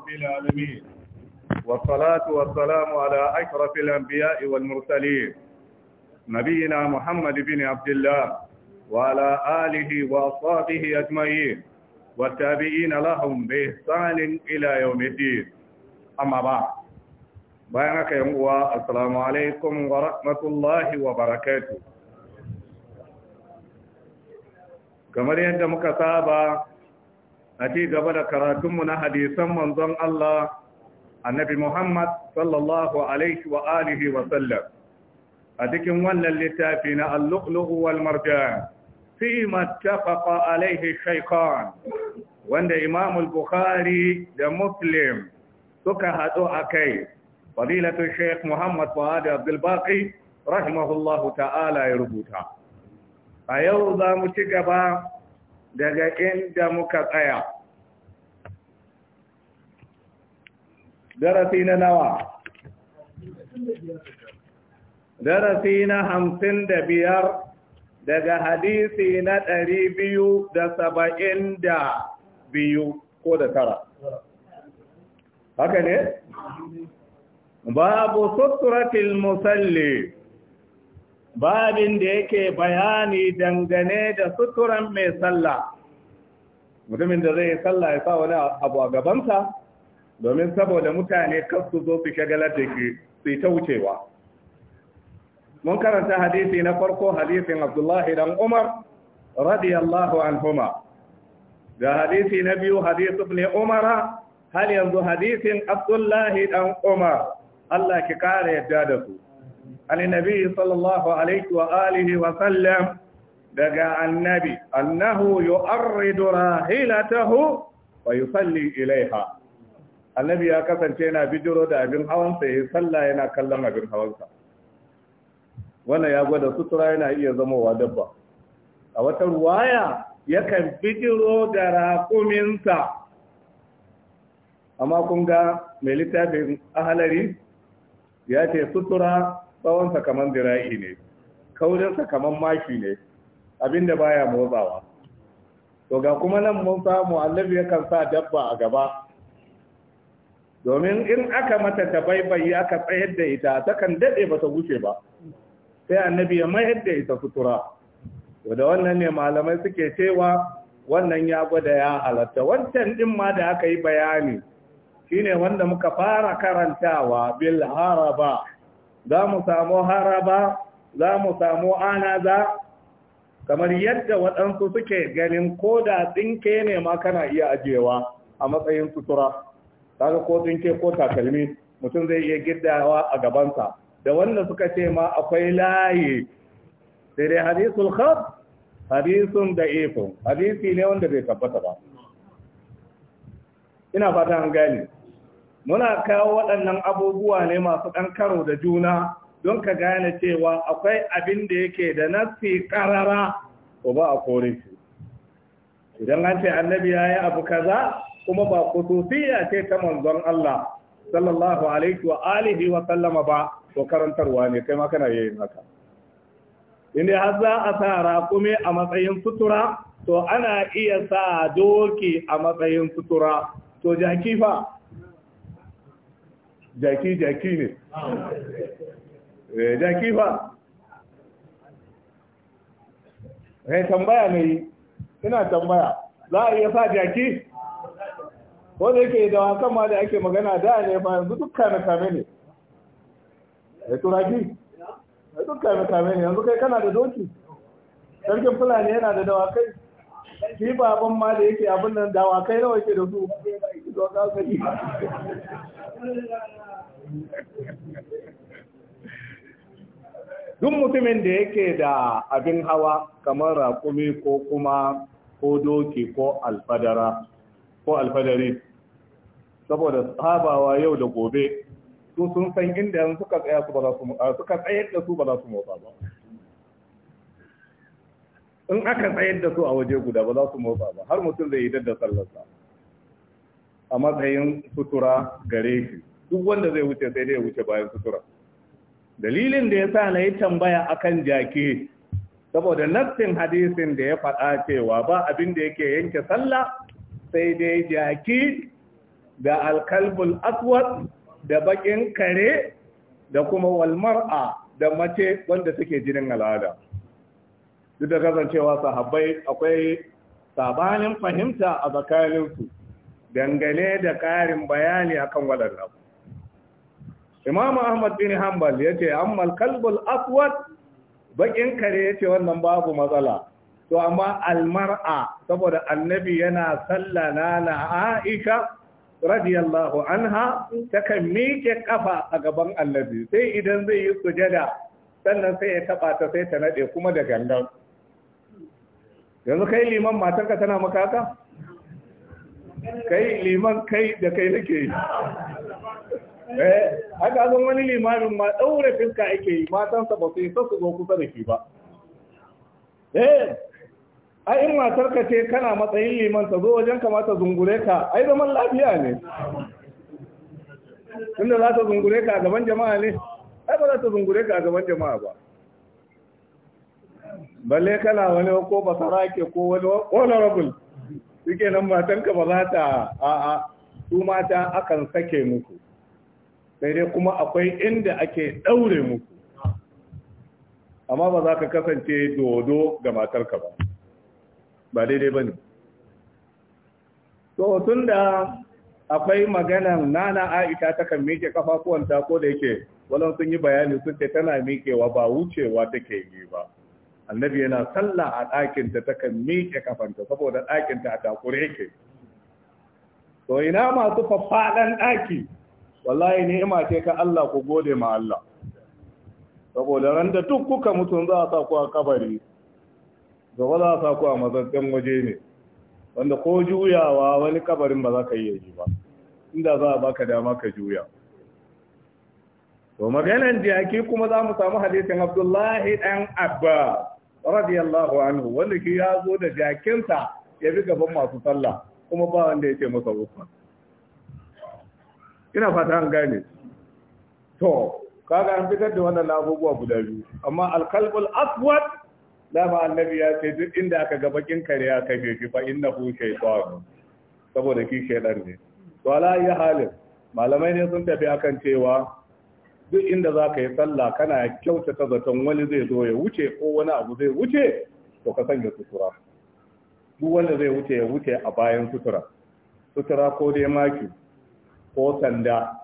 رب العالمين والصلاة والسلام على أشرف الأنبياء والمرسلين نبينا محمد بن عبد الله وعلى آله وأصحابه أجمعين والتابعين لهم بإحسان إلى يوم الدين أما بعد بينك يا السلام عليكم ورحمة الله وبركاته kamar yadda muka saba a ci gaba da karatunmu na hadisan manzon Allah annabi Muhammad sallallahu alaihi wa alihi wa sallam a cikin wannan littafi na al-lu'lu'u wal marjan fi mattafaqa alaihi shaykhan wanda Imam al-Bukhari da Muslim suka hado akai fadilatu Sheikh Muhammad Fuad Abdul Baqi rahimahullahu ta'ala ya rubuta a yau za mu ci gaba daga inda muka tsaya darasi na nawa darasi na hamsin da biyar daga hadisi na ɗari biyu da saba'in da biyu ko da tara haka ne babu suturatil musalli babin da yake bayani dangane da suturan mai sallah mutumin da zai sallah ya sa wani abu a gabansa domin saboda mutane kar zo su shagalar da ke su ta wucewa mun karanta hadisi na farko hadisin abdullahi dan umar radiyallahu anhuma da hadisi na biyu hadisu Umar, umara har yanzu hadisin abdullahi dan umar Allah ki kare yadda da su النبي صلى الله عليه وآله وسلم دقى النبي أنه يؤرد راهلته ويصلي إليها النبي يا كسن شينا بجرو دا أبن حوان سيصلى ينا كلم أبن حوان وانا يا قوة سترى ينا إيا زمو ودبا أولا تروايا يكن بجرو دا راقومنسا أما كنغا ملتا بن أهلري ya ce sutura tsawonsa kamar dira'i ne kaurinsa kamar maki ne abinda baya motsawa to ga kuma nan mun samu annabi yakan sa dabba a gaba domin in aka mata ta tabaibayi aka tsayar da ita ta kan daɗe ba ta wuce ba sai annabi ya mayar da ita sutura to da wannan ne malamai suke cewa wannan ya gwada ya halatta wancan din ma da aka yi bayani shine wanda muka fara karantawa bil haraba za mu samu haraba za mu samu anaza kamar yadda waɗansu suke ganin ko da tsinke ne ma kana iya ajiyewa a matsayin sutura kaga ko tsinke ko takalmi mutum zai iya giddawa a gabansa da wanda suka ce ma akwai layi sai dai hadisul khab hadisun da ifin hadisi ne wanda bai tabbata ba ina fata an gani muna kawo waɗannan abubuwa ne masu ɗan karo da juna don ka gane cewa akwai abin da yake da nasi ƙarara ko ba a kore shi idan an ce annabi ya yi abu kaza kuma ba kususiya ce ta manzon Allah sallallahu alaihi wa alihi wa sallama ba ko karantarwa ne kai ma kana yin haka inda har za a sa raƙumi a matsayin sutura to ana iya sa doki a matsayin sutura to jaki fa jaki jaki ne eh, jaki fa eh tambaya ne ina tambaya za a iya sa jaki ko da yake da wakan ma da ake magana da ne ba yanzu dukkan na kame ne ya eh, turaki ya eh, dukkan na kame ne yanzu kai kana da doki sarkin fulani yana da dawakai shi baban ma da yake abin nan dawakai nawa yake da su duk mutumin da yake da abin hawa kamar raƙumi ko kuma ko doki ko alfadara ko alfadari saboda sabawa yau da gobe su sun san inda suka tsaya su ba za su suka tsayar da su ba za su motsa ba in aka tsayar da su a waje guda ba za su motsa ba har mutum zai yi dadda sallarsa a matsayin sutura gare shi duk wanda zai wuce sai dai ya wuce bayan sutura dalilin da ya sa na yi tambaya akan jaki saboda nassin hadisin da ya faɗa cewa ba abin da yake yanke sallah sai dai jaki da alkalbul aswad da bakin kare da kuma walmar'a da mace wanda suke jinin al'ada duk da kasancewa sahabbai akwai sabanin fahimta a tsakaninsu dangane da ƙarin bayani akan waɗannan imam ahmad bin hanbal ya ce ammal kalbul aswad bakin kare ya ce wannan babu matsala to amma almar'a saboda annabi yana sallana na aisha radiyallahu anha takan miƙe kafa a gaban annabi sai idan zai yi sujada sannan sai ya taba ta sai ta nade kuma da gangan yanzu kai liman matarka tana makaka kai liman kai da kai nake yi eh aka zo wani limamin ma daure fiska yake yi matansa ba su yi su zo kusa da shi ba eh ai in matar ka ce kana matsayin liman ta zo wajen kamata zungure ka ai zaman lafiya ne inda za ta zungure ka a gaban jama'a ne ai ba za ta zungure ka a gaban jama'a ba balle kana wani ko basara ke ko wani honorable suke nan matanka ba za ta a'a su mata akan sake muku sai dai kuma akwai inda ake ɗaure muku amma ba za ka kasance dodo ga matarka ba ba daidai ba ne so tun da akwai maganan nana aisha ta kan miƙe kafafuwanta ko da yake walon sun yi bayani sun ce tana miƙewa ba wucewa take yi ba annabi yana sallah a ɗakinta ta kan miƙe kafanta saboda ɗakin a takure yake to ina masu faffaɗan ɗaki wallahi ni'ima ce ka Allah ku gode ma Allah saboda ran da duk kuka mutum za a sa ku a kabari gaba za a sa ku a waje ne wanda ko juyawa wani kabarin ba za ka yi ba inda za a baka dama ka juya to maganan jiyaki kuma za mu samu hadisin Abdullahi dan Abba radiyallahu anhu wanda ke ya zo da jakinsa ya fi gaban masu sallah kuma ba wanda ya ce masa ufa ina fata an gane to kaga an fitar da wannan abubuwa guda biyu amma alkalbul aswad dama annabi ya ce duk inda aka ga bakin kare ya kafe shi fa innahu shaytan saboda ki shaydan ne to ala ya halin malamai ne sun tafi akan cewa duk inda za ka yi sallah kana kyautata zaton wani zai zo ya wuce ko wani abu zai wuce to ka sanya sutura duk wanda zai wuce ya wuce a bayan sutura sutura ko dai maki ko sanda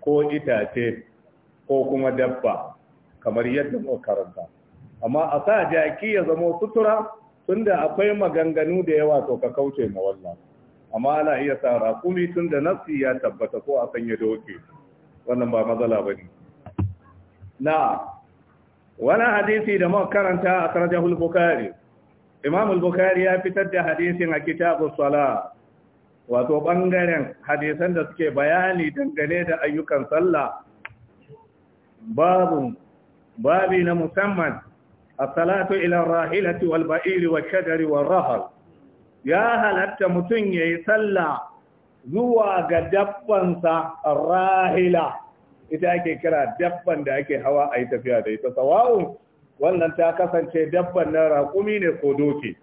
ko itace ko kuma dabba kamar yadda muka karanta amma a sa jaki ya zama sutura tunda akwai maganganu da yawa to ka kauce ma wallah amma ana iya sa rakumi tunda nafsi ya tabbata ko a sanya doke wannan ba matsala bane na wani hadisi da muka karanta a karjahul bukhari imam bukari ya fitar da hadisin a kitabus sala wato bangaren hadisan da suke bayani dangane da ayyukan sallah babu babu na musamman as-salatu ila rahilati wal ba'iri wa shadari wal rahal ya halatta mutum yayi sallah zuwa ga dabbansa rahila ita ake kira dabban da ake hawa a yi tafiya da ita sawa'un wannan ta kasance dabban na raƙumi ne ko doke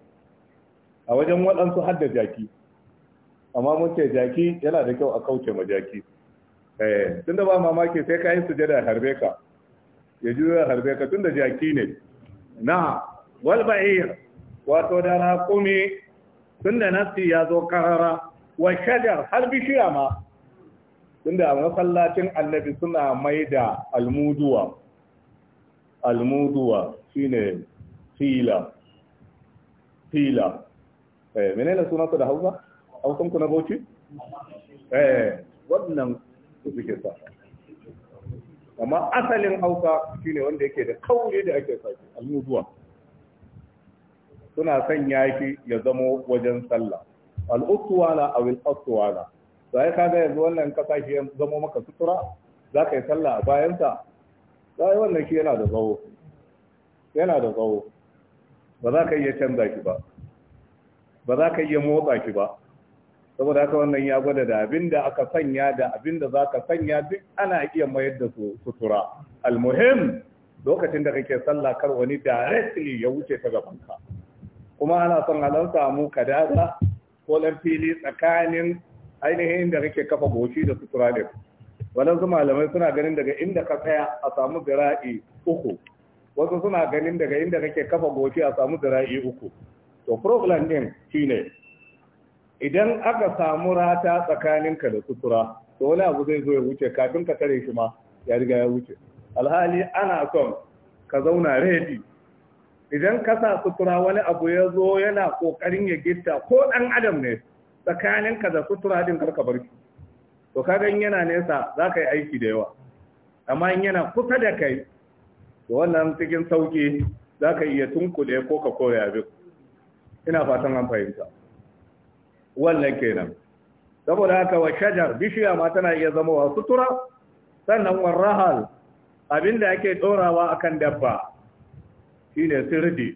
a wajen waɗansu har da jaki amma mun ce jaki yana da kyau a kauce ma jaki eh, tunda ba mamaki sai ka yi sujada harbe ka ya juya harbe ka tunda jaki ne na wal ba'ir wato da raƙumi tunda nasi ya zo karara wa shajar har bishiya ma tunda a masallacin annabi suna mai da almuduwa almuduwa shine fila fila eh menene ta da hausa hausan ku na bauchi eh wannan su suke sa amma asalin hausa shine wanda yake da kauri da ake sa almuduwa suna sanya shi ya zamo wajen sallah al-uswala aw al-aswala to ai kaga yanzu wannan kasa shi ya zama maka sutura za ka yi sallah a bayansa za a wannan shi yana da tsawo yana da tsawo ba za ka iya canza shi ba ba za ka iya motsa shi ba saboda haka wannan ya gwada da abin da aka sanya da abin da za ka sanya duk ana iya mayar da su sutura almuhim lokacin da kake sallah kar wani directly ya wuce ta gabanka kuma ana son halarta mu kadaza ko dan fili tsakanin ainihin inda kake kafa goshi da sutura ne su malamai suna ganin daga inda ka tsaya a samu zira'i uku wasu suna ganin daga inda kake kafa goshi a samu zira'i uku to problem din shine idan aka samu rata tsakaninka da sutura to wani abu zai zo ya wuce kafin ka tare shi ma ya riga ya wuce alhali ana son ka zauna redi idan ka sa sutura wani abu ya zo yana kokarin ya gitta ko dan adam ne tsakanin ka da sutura din karka bar shi to kaga in yana nesa za ka yi aiki da yawa amma in yana kusa da kai to wannan cikin sauki za ka iya tunkule ko ka koya bi ina fatan an fahimta wannan kenan saboda haka wa shajar bishiya ma tana iya zama wa sutura sannan wa rahal da ake dorawa akan dabba shine sirdi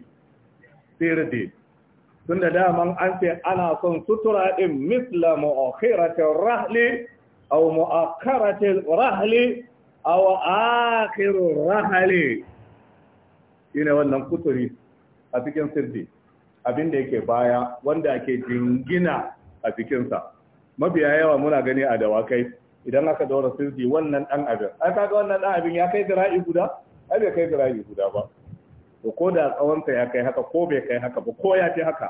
sirdi tunda daman an ce ana son sutura din misla mu'akhiratir rahli aw mu'akhiratir rahli aw akhirur rahli ina wannan kuturi a cikin sirri abin da yake baya wanda ake jingina a sa Mabiya yawa muna gani a dawakai idan aka daura sirri wannan dan abin aka ga wannan dan abin ya kai dira'i guda ai bai kai dira'i guda ba to ko da tsawonsa ya kai haka ko bai kai haka ba ko ya fi haka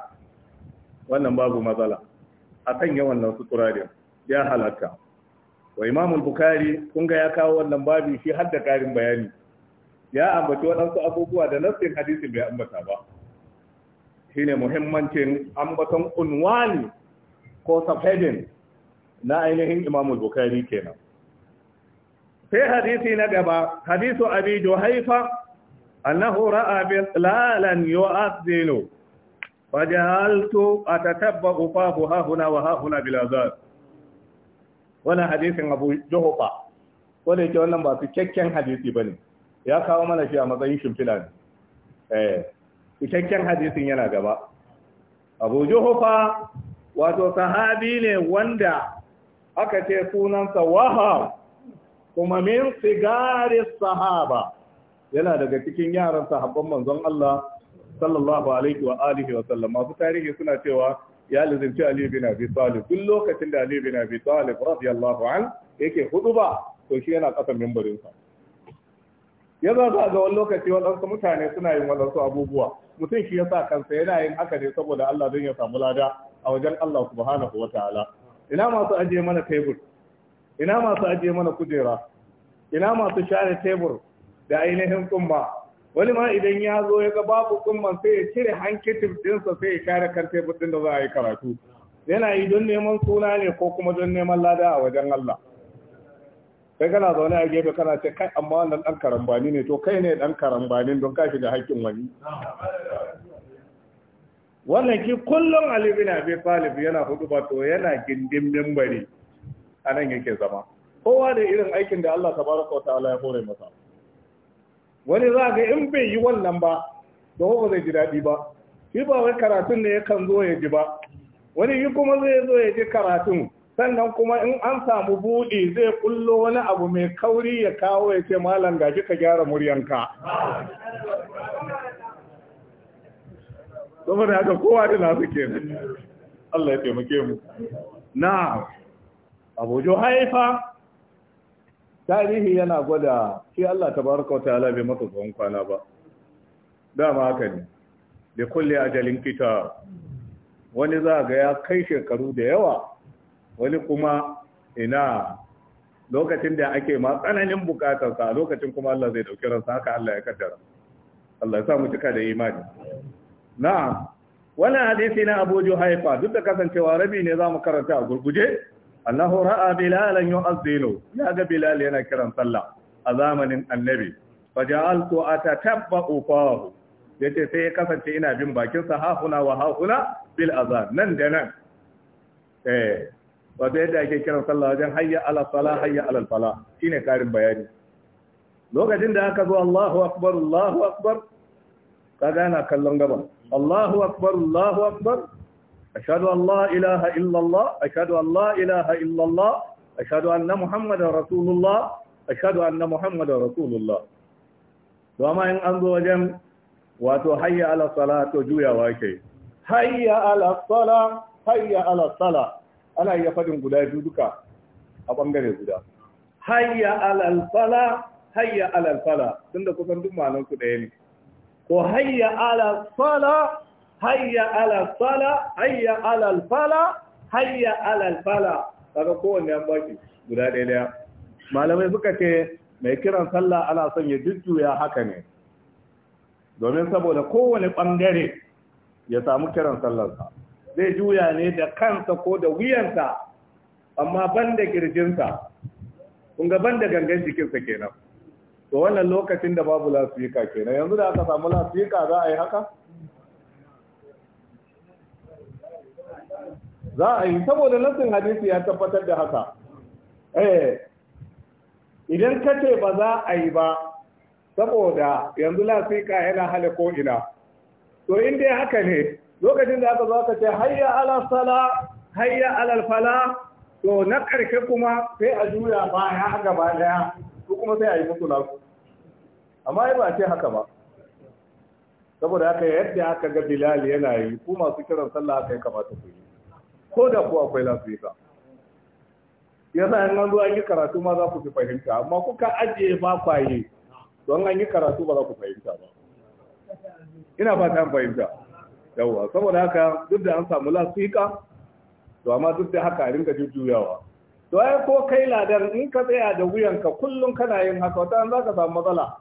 wannan babu matsala a kan yawan nan sutura ya halatta wa imam bukari kun ga ya kawo wannan babu shi har da karin bayani ya ambaci waɗansu abubuwa da nassin hadisi bai ambata ba shine muhimmancin ambaton unwani ko subheading na ainihin imam bukari kenan sai hadisi na gaba hadisu abi juhaifa أنه رأى بطلالا يؤذن فجعلت أتتبع فاه ها هنا وها هنا بالعذاب وانا حديث أبو جهفة wanda yake wannan ba su cikakken hadisi ba ne ya kawo mana shi a matsayin shimfiɗa ne eh cikakken hadisin yana gaba abu juhufa wato sahabi ne wanda aka ce sunansa wahab kuma min sigari sahaba yana daga cikin yaran sahabban manzon Allah sallallahu alaihi wa alihi wa sallam masu tarihi suna cewa ya lazimci Ali bin Abi Talib duk lokacin da Ali bin Abi Talib radiyallahu an yake huduba to shi yana ƙasa mimbarin sa ya za ga wani lokaci waɗansu mutane suna yin waɗansu abubuwa mutum shi ya sa kansa yana yin haka ne saboda Allah don ya samu lada a wajen Allah subhanahu wa ta'ala ina masu ajiye mana tebur ina masu ajiye mana kujera ina masu share tebur da ainihin kumma wani ma idan ya zo ya ga babu tsumman sai ya cire hankitif dinsa sai ya kare karfe fitin da za a yi karatu yana yi don neman suna ne ko kuma don neman lada a wajen Allah sai kana zaune a gefe kana ce kai amma wannan dan karambani ne to kai ne dan karambani don ka shiga haƙƙin wani wannan ki kullum Ali bin Abi Talib yana ba to yana gindin mimbari anan yake zama kowa da irin aikin da Allah tabaraka wa ta'ala ya hore masa wani za ga in bai yi wannan ba da ba zai ji daɗi ba shi ba wai karatun ne yakan zo ya ji ba wani yi kuma zai zo ya ji karatun sannan kuma in an samu buɗi zai kullo wani abu mai kauri ya kawo ya ce malam gaji ka gyara muryanka saboda haka kowa da nasu kenan Allah ya taimake mu na abu haifa tarihi yana gwada shi Allah tabaraka wataala bai maka tsawon kwana ba dama haka ne da kulle ajalin kita wani za ga ya kai shekaru da yawa wani kuma ina lokacin da ake ma tsananin bukatarsa a lokacin kuma Allah zai dauki ransa haka Allah ya kaddara Allah ya sa mu cika da imani na'am wannan hadisi na Abu haifa, duk da kasancewa rabi ne zamu karanta a gurguje annahu ra'a bilalan yu'azzinu ya ga bilal yana kiran sallah a zamanin annabi faja'altu atatabba'u fahu yace sai ya kasance ina bin bakin sa wa hahuna bil azan nan da nan eh wato yadda ake kiran sallah wajen hayya ala salah hayya ala falah shine karin bayani lokacin da aka zo Allahu akbar Allahu akbar kaga ana kallon gaba Allahu akbar Allahu akbar أشهد أن لا إله إلا الله أشهد أن لا إله إلا الله أشهد أن محمد رسول الله أشهد أن محمد رسول الله وما إن أنظر وجم وتحي على الصلاة جويا واكي حي على الصلاة حي على الصلاة أنا يفدن قدا جودك أبنغر قدا حي على الصلاة حي على الصلاة تندقوا تندقوا معنا كدين وحي على الصلاة hayya ala sala hayya ala alfala hayya ala alfala kaga kowanne an baki guda ɗaya ɗaya malamai suka ce mai kiran sallah ana son ya jujjuya haka ne domin saboda kowane ɓangare ya samu kiran sallarsa zai juya ne da kansa ko da wuyansa amma ban da kirjinsa kun ga ban da gangan jikinsa kenan to wannan lokacin da babu lasifika kenan yanzu da aka samu lasifika za a yi haka za a yi saboda nassin hadisi ya tabbatar da haka eh idan ka ce ba za a yi ba saboda yanzu lafika yana hali ko ina to in dai haka ne lokacin da aka zo aka ce hayya ala sala hayya ala fala to na karshe kuma sai a juya baya gaba daya ko kuma sai a yi musu lafu amma ba ce haka ba saboda haka yadda aka ga bilal yana yi ku masu kiran sallah kai yi kamata ku yi ko da kuwa akwai lafiyar yasa yan an an yi karatu ma za ku fi fahimta amma kuka ajiye ba kwaye don an yi karatu ba za ku fahimta ba ina ba ta fahimta yawwa saboda haka duk da an samu lasika to amma duk da haka a rinka jujjuyawa to ai ko kai ladan in ka tsaya da wuyanka kullum kana yin haka wata an za ka samu matsala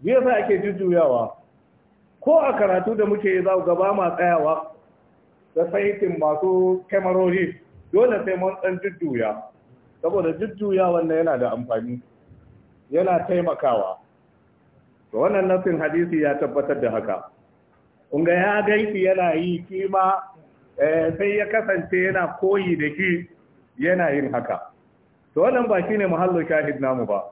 biya sa ake jujjuyawa ko a karatu da muke za ku gaba ma tsayawa da saitin masu kyamarori dole sai mun ɗan jujjuya saboda jujjuya wannan yana da amfani yana taimakawa to wannan nafin hadisi ya tabbatar da haka ga ya gaifi yana yi kima eh, sai ya kasance yana koyi da ki yana yin haka to wannan ba shine muhallu shahid namu ba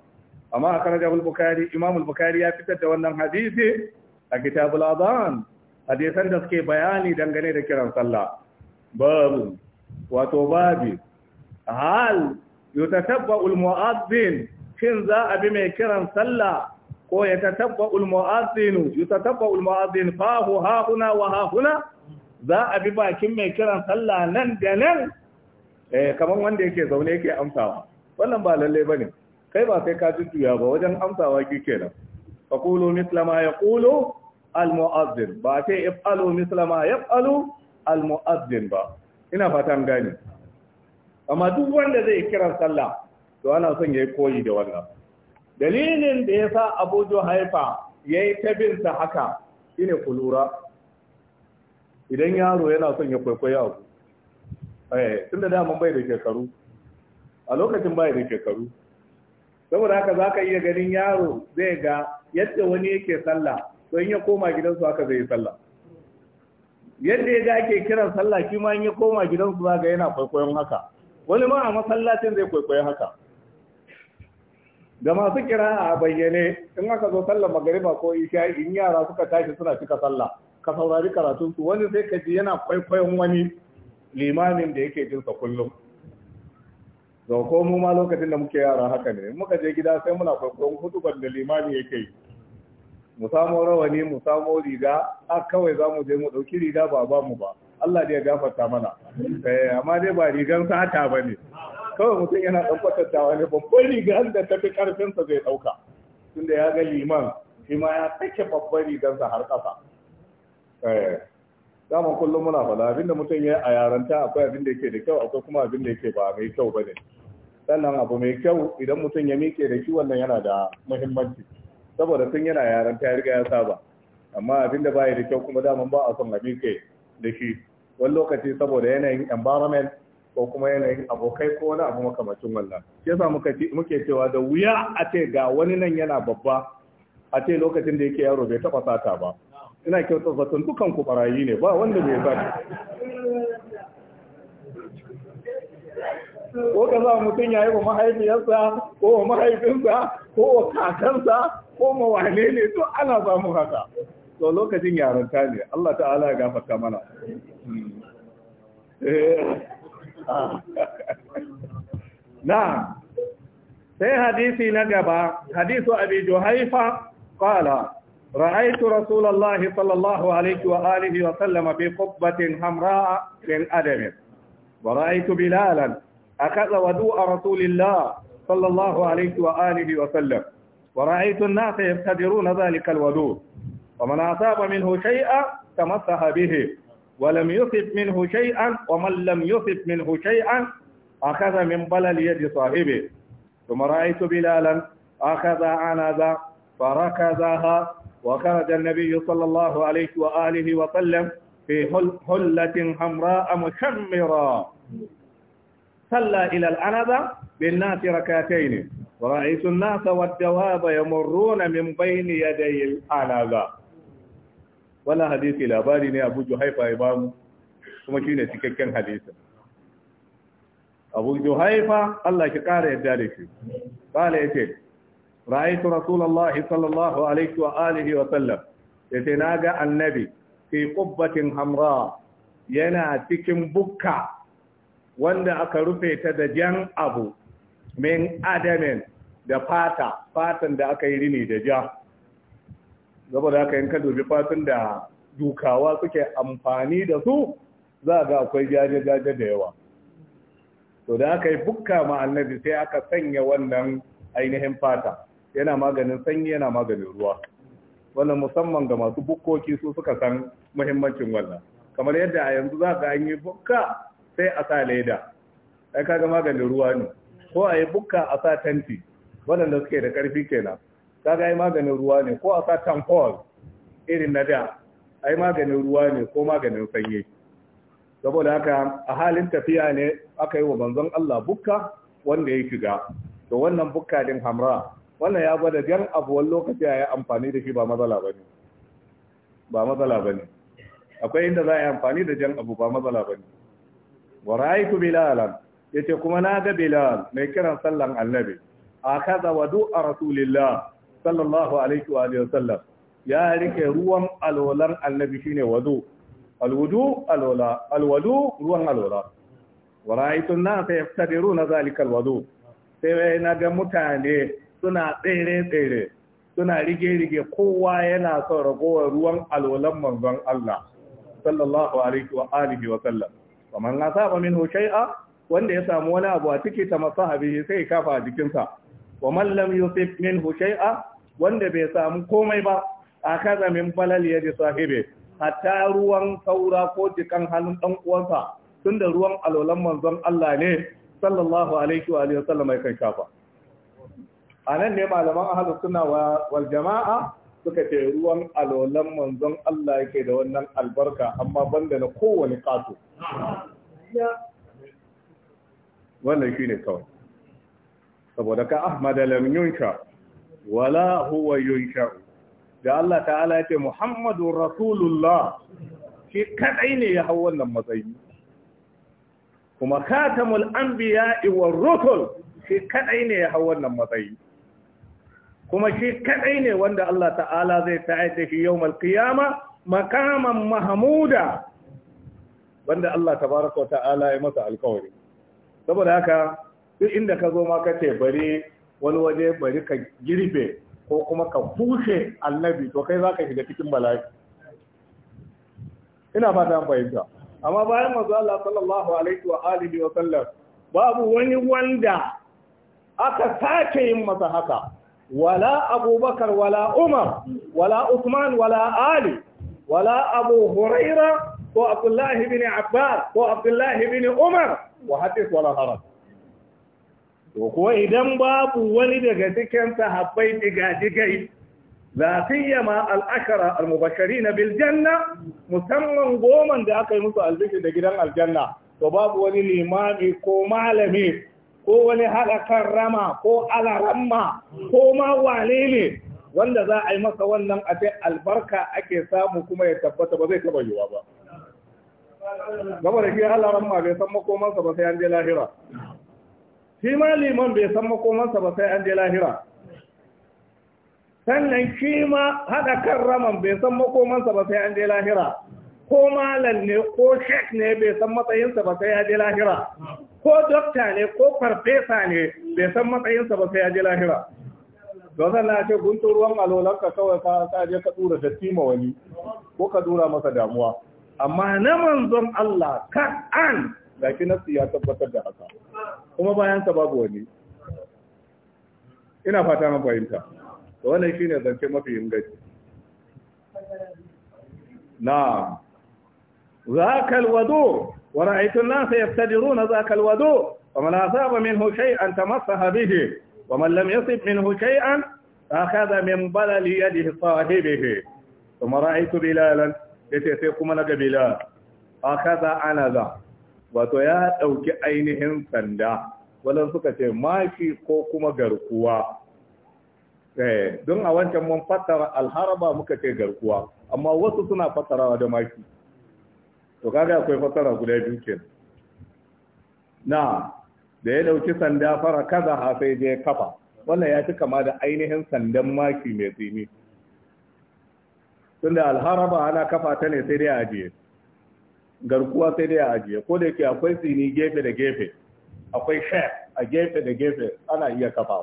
amma a karajar bukari imam bukari ya fitar da wannan hadisi a kitabul adhan hadisan da suke bayani dangane da kiran sallah babu wato babi hal yutatabba almu'adhdhin shin za a bi mai kiran sallah ko ya tatabba almu'adhdhin yutatabba almu'adhdhin fa hu ha huna wa ha za a bi bakin mai kiran sallah nan da nan eh kaman wanda yake zaune yake amsawa wannan ba lalle bane kai ba sai ka jujjuya ba wajen amsawa kike nan faqulu mithla ma yaqulu al-mu'azzin ba sai if'alu misla ma yaf'alu al-mu'azzin ba ina fatan gani amma duk wanda zai kira sallah to ana son yayi koyi da wannan dalilin da yasa Abu Juhaifa yayi tabin sa haka shine kulura idan yaro yana son ya kwaikwayi abu eh tunda da mun bai da shekaru a lokacin bai da shekaru saboda haka zaka iya ganin yaro zai ga yadda wani yake sallah to in ya koma gidansu haka zai yi sallah yadda ya ga ake kiran sallah shi ma in ya koma gidansu ba ga yana kwaikwayon haka wani ma a masallacin zai kwaikwayon haka da masu kira a bayyane in aka zo sallah magariba ko isha in yara suka tashi suna cika sallah ka saurari karatun su wani sai ka ji yana kwaikwayon wani limamin da yake sa kullum da ko mu ma lokacin da muke yara haka ne muka je gida sai muna kwaikwayon hudu da limami yake yi mu samo rawani mu samo riga a kawai za mu je mu ɗauki riga ba ba mu ba Allah da ya gafarta mana eh, amma dai ba rigan sata ba ne kawai mutum yana ɗan kwatantawa ne babban rigan da ta fi ƙarfinsa zai ɗauka tunda ya ga liman shi ma ya sake babban sa har ƙasa eh, daman kullum muna faɗa abinda mutum ya a yaranta akwai abin da yake da kyau akwai kuma abin da yake ba mai kyau ba ne sannan abu mai kyau idan mutum ya miƙe da shi wannan yana da muhimmanci saboda sun yana yaran ta riga ya saba amma abinda ba ya da kyau kuma daman ba a son a mike da shi wani lokaci saboda yanayin environment ko kuma yanayin abokai ko wani abu makamacin wannan shi yasa muke cewa da wuya a ce ga wani nan yana babba a ce lokacin da yake yaro bai taba sata ba ina kyauta zaton dukan ku barayi ne ba wanda bai sata ko ka za mutum ya yi wa mahaifiyarsa ko wa mahaifinsa ko wa kakansa ko ma wane ne to ana samu haka to lokacin yaron ne Allah ta'ala ya gafarta mana hmm. eh. na sai hadisi na gaba hadisu abi juhaifa qala رأيت رسول الله صلى الله عليه وآله وسلم في قبة حمراء من أدم ورأيت بلالا أخذ ودوء رسول الله صلى الله عليه وآله وسلم ورأيت الناس يبتدرون ذلك الودوء ومن أصاب منه شيئا تمسح به ولم يصب منه شيئا ومن لم يصب منه شيئا أخذ من بلل يد صاحبه ثم رأيت بلالا أخذ عنزة فركزها وخرج النبي صلى الله عليه وآله وسلم في حلة حمراء مشمرة صلى إلى الأنذى بالناس ركعتين ورأيت الناس والدواب يمرون من بين يدي الأنذى ولا حديث لا بالي أبو جحيفة إمام kuma shine cikakken hadisin Abu Juhaifa Allah ki kara yadda da shi kala yace ra'aytu rasulullahi sallallahu alaihi wa alihi wa sallam yace naga annabi fi qubbatin hamra yana cikin bukka wanda aka rufe ta da jan abu min adamin da fata fatan da aka yi rini da ja saboda haka yin ka dubi fatan da dukawa suke amfani da su za ga akwai jaje-jaje da yawa to da aka yi bukka ma annabi sai aka sanya wannan ainihin fata yana maganin sanyi yana maganin ruwa wannan musamman ga masu bukkoki su suka san muhimmancin wannan kamar yadda a yanzu za ka an yi bukka sai a sa leda ai kaga maganin ruwa ne ko a yi bukka a sa tanti waɗanda suke da ƙarfi kenan kaga ai maganin ruwa ne ko a sa tamfol irin na da ai maganin ruwa ne ko maganin sanyi saboda haka a halin tafiya ne aka yi wa manzon Allah bukka wanda ya shiga to wannan bukka din hamra wannan ya gwada jan abu lokaci ya yi amfani da shi ba matsala ba ba matsala ba akwai inda za a yi amfani da jan abu ba matsala ba wa ra'aytu bilalan yace kuma na ga bilal mai kiran sallan annabi akaza wadu'a rasulillah sallallahu alaihi wa sallam ya rike ruwan alwalar annabi shine wadu alwudu alwala alwudu ruwan alwala wa ra'aytu an-nasa yaftadiruna zalika alwudu sai na ga mutane suna tsere tsere suna rige rige kowa yana son ragowar ruwan alwalan manzon Allah sallallahu alaihi wa alihi wa sallam na saba min minhu shay'a wanda ya samu wani abu a ciki ta masahabi sai kafa a jikinsa wa man lam min minhu shay'a wanda bai samu komai ba akaza min balal yadi sahibi hatta ruwan saura ko jikan hannun dan uwansa da ruwan alolan manzon Allah ne sallallahu alaihi wa alihi wasallam kan shafa anan ne malaman ahlus sunna wal jamaa suka ce ruwan alolan manzon Allah yake da wannan albarka amma banda na kowane kato wannan shi ne kawai saboda ka ahmad lam yunsha wala huwa yunsha da Allah ta'ala ya ce muhammadu rasulullah shi kadai ne ya hau wannan matsayi kuma katamul anbiya'i war rusul shi kadai ne ya hau wannan matsayi kuma shi kadai ne wanda Allah ta'ala zai ta'ayar da shi yawmal makaman mahmuda wanda Allah tabaraka wa ta'ala ya masa alkawari saboda haka duk inda ka zo ma ka ce bari wani waje bari ka girbe ko kuma ka fushe annabi to kai zaka shiga cikin bala'i ina fata an fahimta amma bayan manzo Allah sallallahu alaihi wa alihi wa sallam babu wani wanda aka sake yin masa haka wala abubakar wala umar wala usman wala ali wala abu huraira ko abdullahi bin abbas ko abdullahi bin umar wa hadis wala haraj to idan babu wani daga cikin sahabbai diga-digai la siyama al-ashara al-mubashirin bil janna musamman goman da aka yi musu albishir da gidan aljanna to babu wani limami ko malami ko wani halakar rama ko alaramma ko ma wane ne wanda za a yi masa wannan a ce albarka ake samu kuma ya tabbata ba zai taba yiwa ba gaba da shi alaramma bai san makomansa ba sai an je lahira shi ma liman bai san makomansa ba sai an je lahira sannan shi ma haɗa kan raman bai san makomansa ba sai an je lahira ko malam ne ko shek ne bai san matsayinsa ba sai an je lahira ko dokta ne ko farfesa ne bai san matsayinsa ba sai ya je lahira don wasan na ce guntun ruwan alolanka kawai ka je ka dura datti ma wani ko ka dura masa damuwa amma na manzon Allah ka an da ki nasu ya tabbatar da haka kuma bayan sa babu wani ina fata na fahimta to wannan shine zance mafi inganci na zakal wadu ورأيت الناس يفتدرون ذاك الوضوء ومن أصاب منه شيئا تمسح به ومن لم يصب منه شيئا أخذ من بلل يده صاحبه ثم رأيت بلالا يتسيقم لك بلال أخذ عنذا وتيات أو كأينهم سندا ولن سكت ماشي كوكما غرقوا don a wancan mun fassara alharaba muka ce garkuwa amma wasu suna fassarawa da maki to kaga akwai fasara guda biyu ke na da ya dauki sanda fara kaza ha sai je kafa wannan ya fi kama da ainihin sandan maki mai tsini tunda alharaba ana kafa ta ne sai dai a ajiye garkuwa sai dai a ajiye ko da yake akwai tsini gefe da gefe akwai shek a gefe da gefe ana iya kafa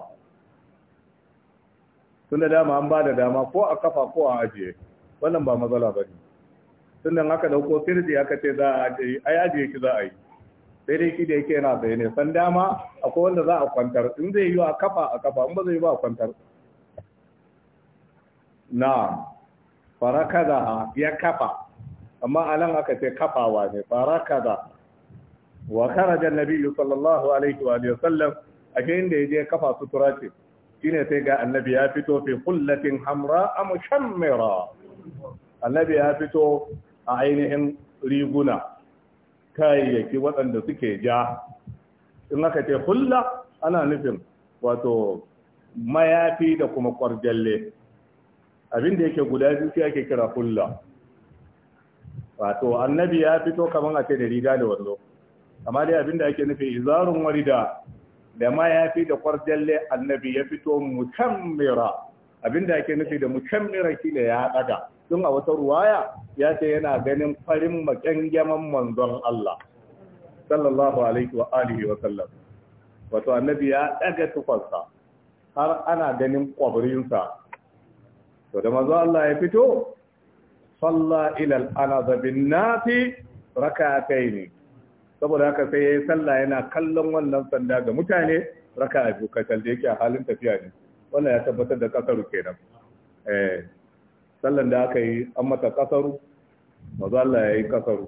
tunda dama an ba da dama ko a kafa ko a ajiye wannan ba matsala ba ne tun da aka dauko sirji aka ce za a ajiye ai ajiye yake za a yi sai dai shi da yake yana tsaye ne san dama akwai wanda za a kwantar in zai yi a kafa a kafa in ba zai yi ba a kwantar na farakaza ya kafa amma a nan aka ce kafawa ne farakaza wa kharaja annabi sallallahu alaihi wa sallam a inda je kafa sutura ce shine sai ga annabi ya fito fi kullatin hamra am shammira annabi ya fito a ainihin riguna kayayyaki waɗanda suke ja in aka ce hulla ana nufin wato mayafi da kuma Abin abinda yake guda biyu sai ake kira hulla wato annabi ya fito kamar a ce da riga da wallo amma dai abinda ake nufi izarun wari da mayafi da kwarjalle annabi ya fito mukammira abinda ake nufi da mukammira kila ya ɗaga tun a wata ruwaya ya ce yana ganin farin makengyaman manzon Allah sallallahu alaihi wa alihi wa sallam wato annabi ya daga tufarsa har ana ganin kwabrinsa to da manzon Allah ya fito salla ila al-anaza bin nafi rak'atayn saboda haka sai yayi sallah yana kallon wannan sanda ga mutane raka'a biyu kacal da yake a halin tafiya ne wannan ya tabbatar da kasaru kenan eh sallan da aka yi an mata kasaru mazu Allah ya yi kasaru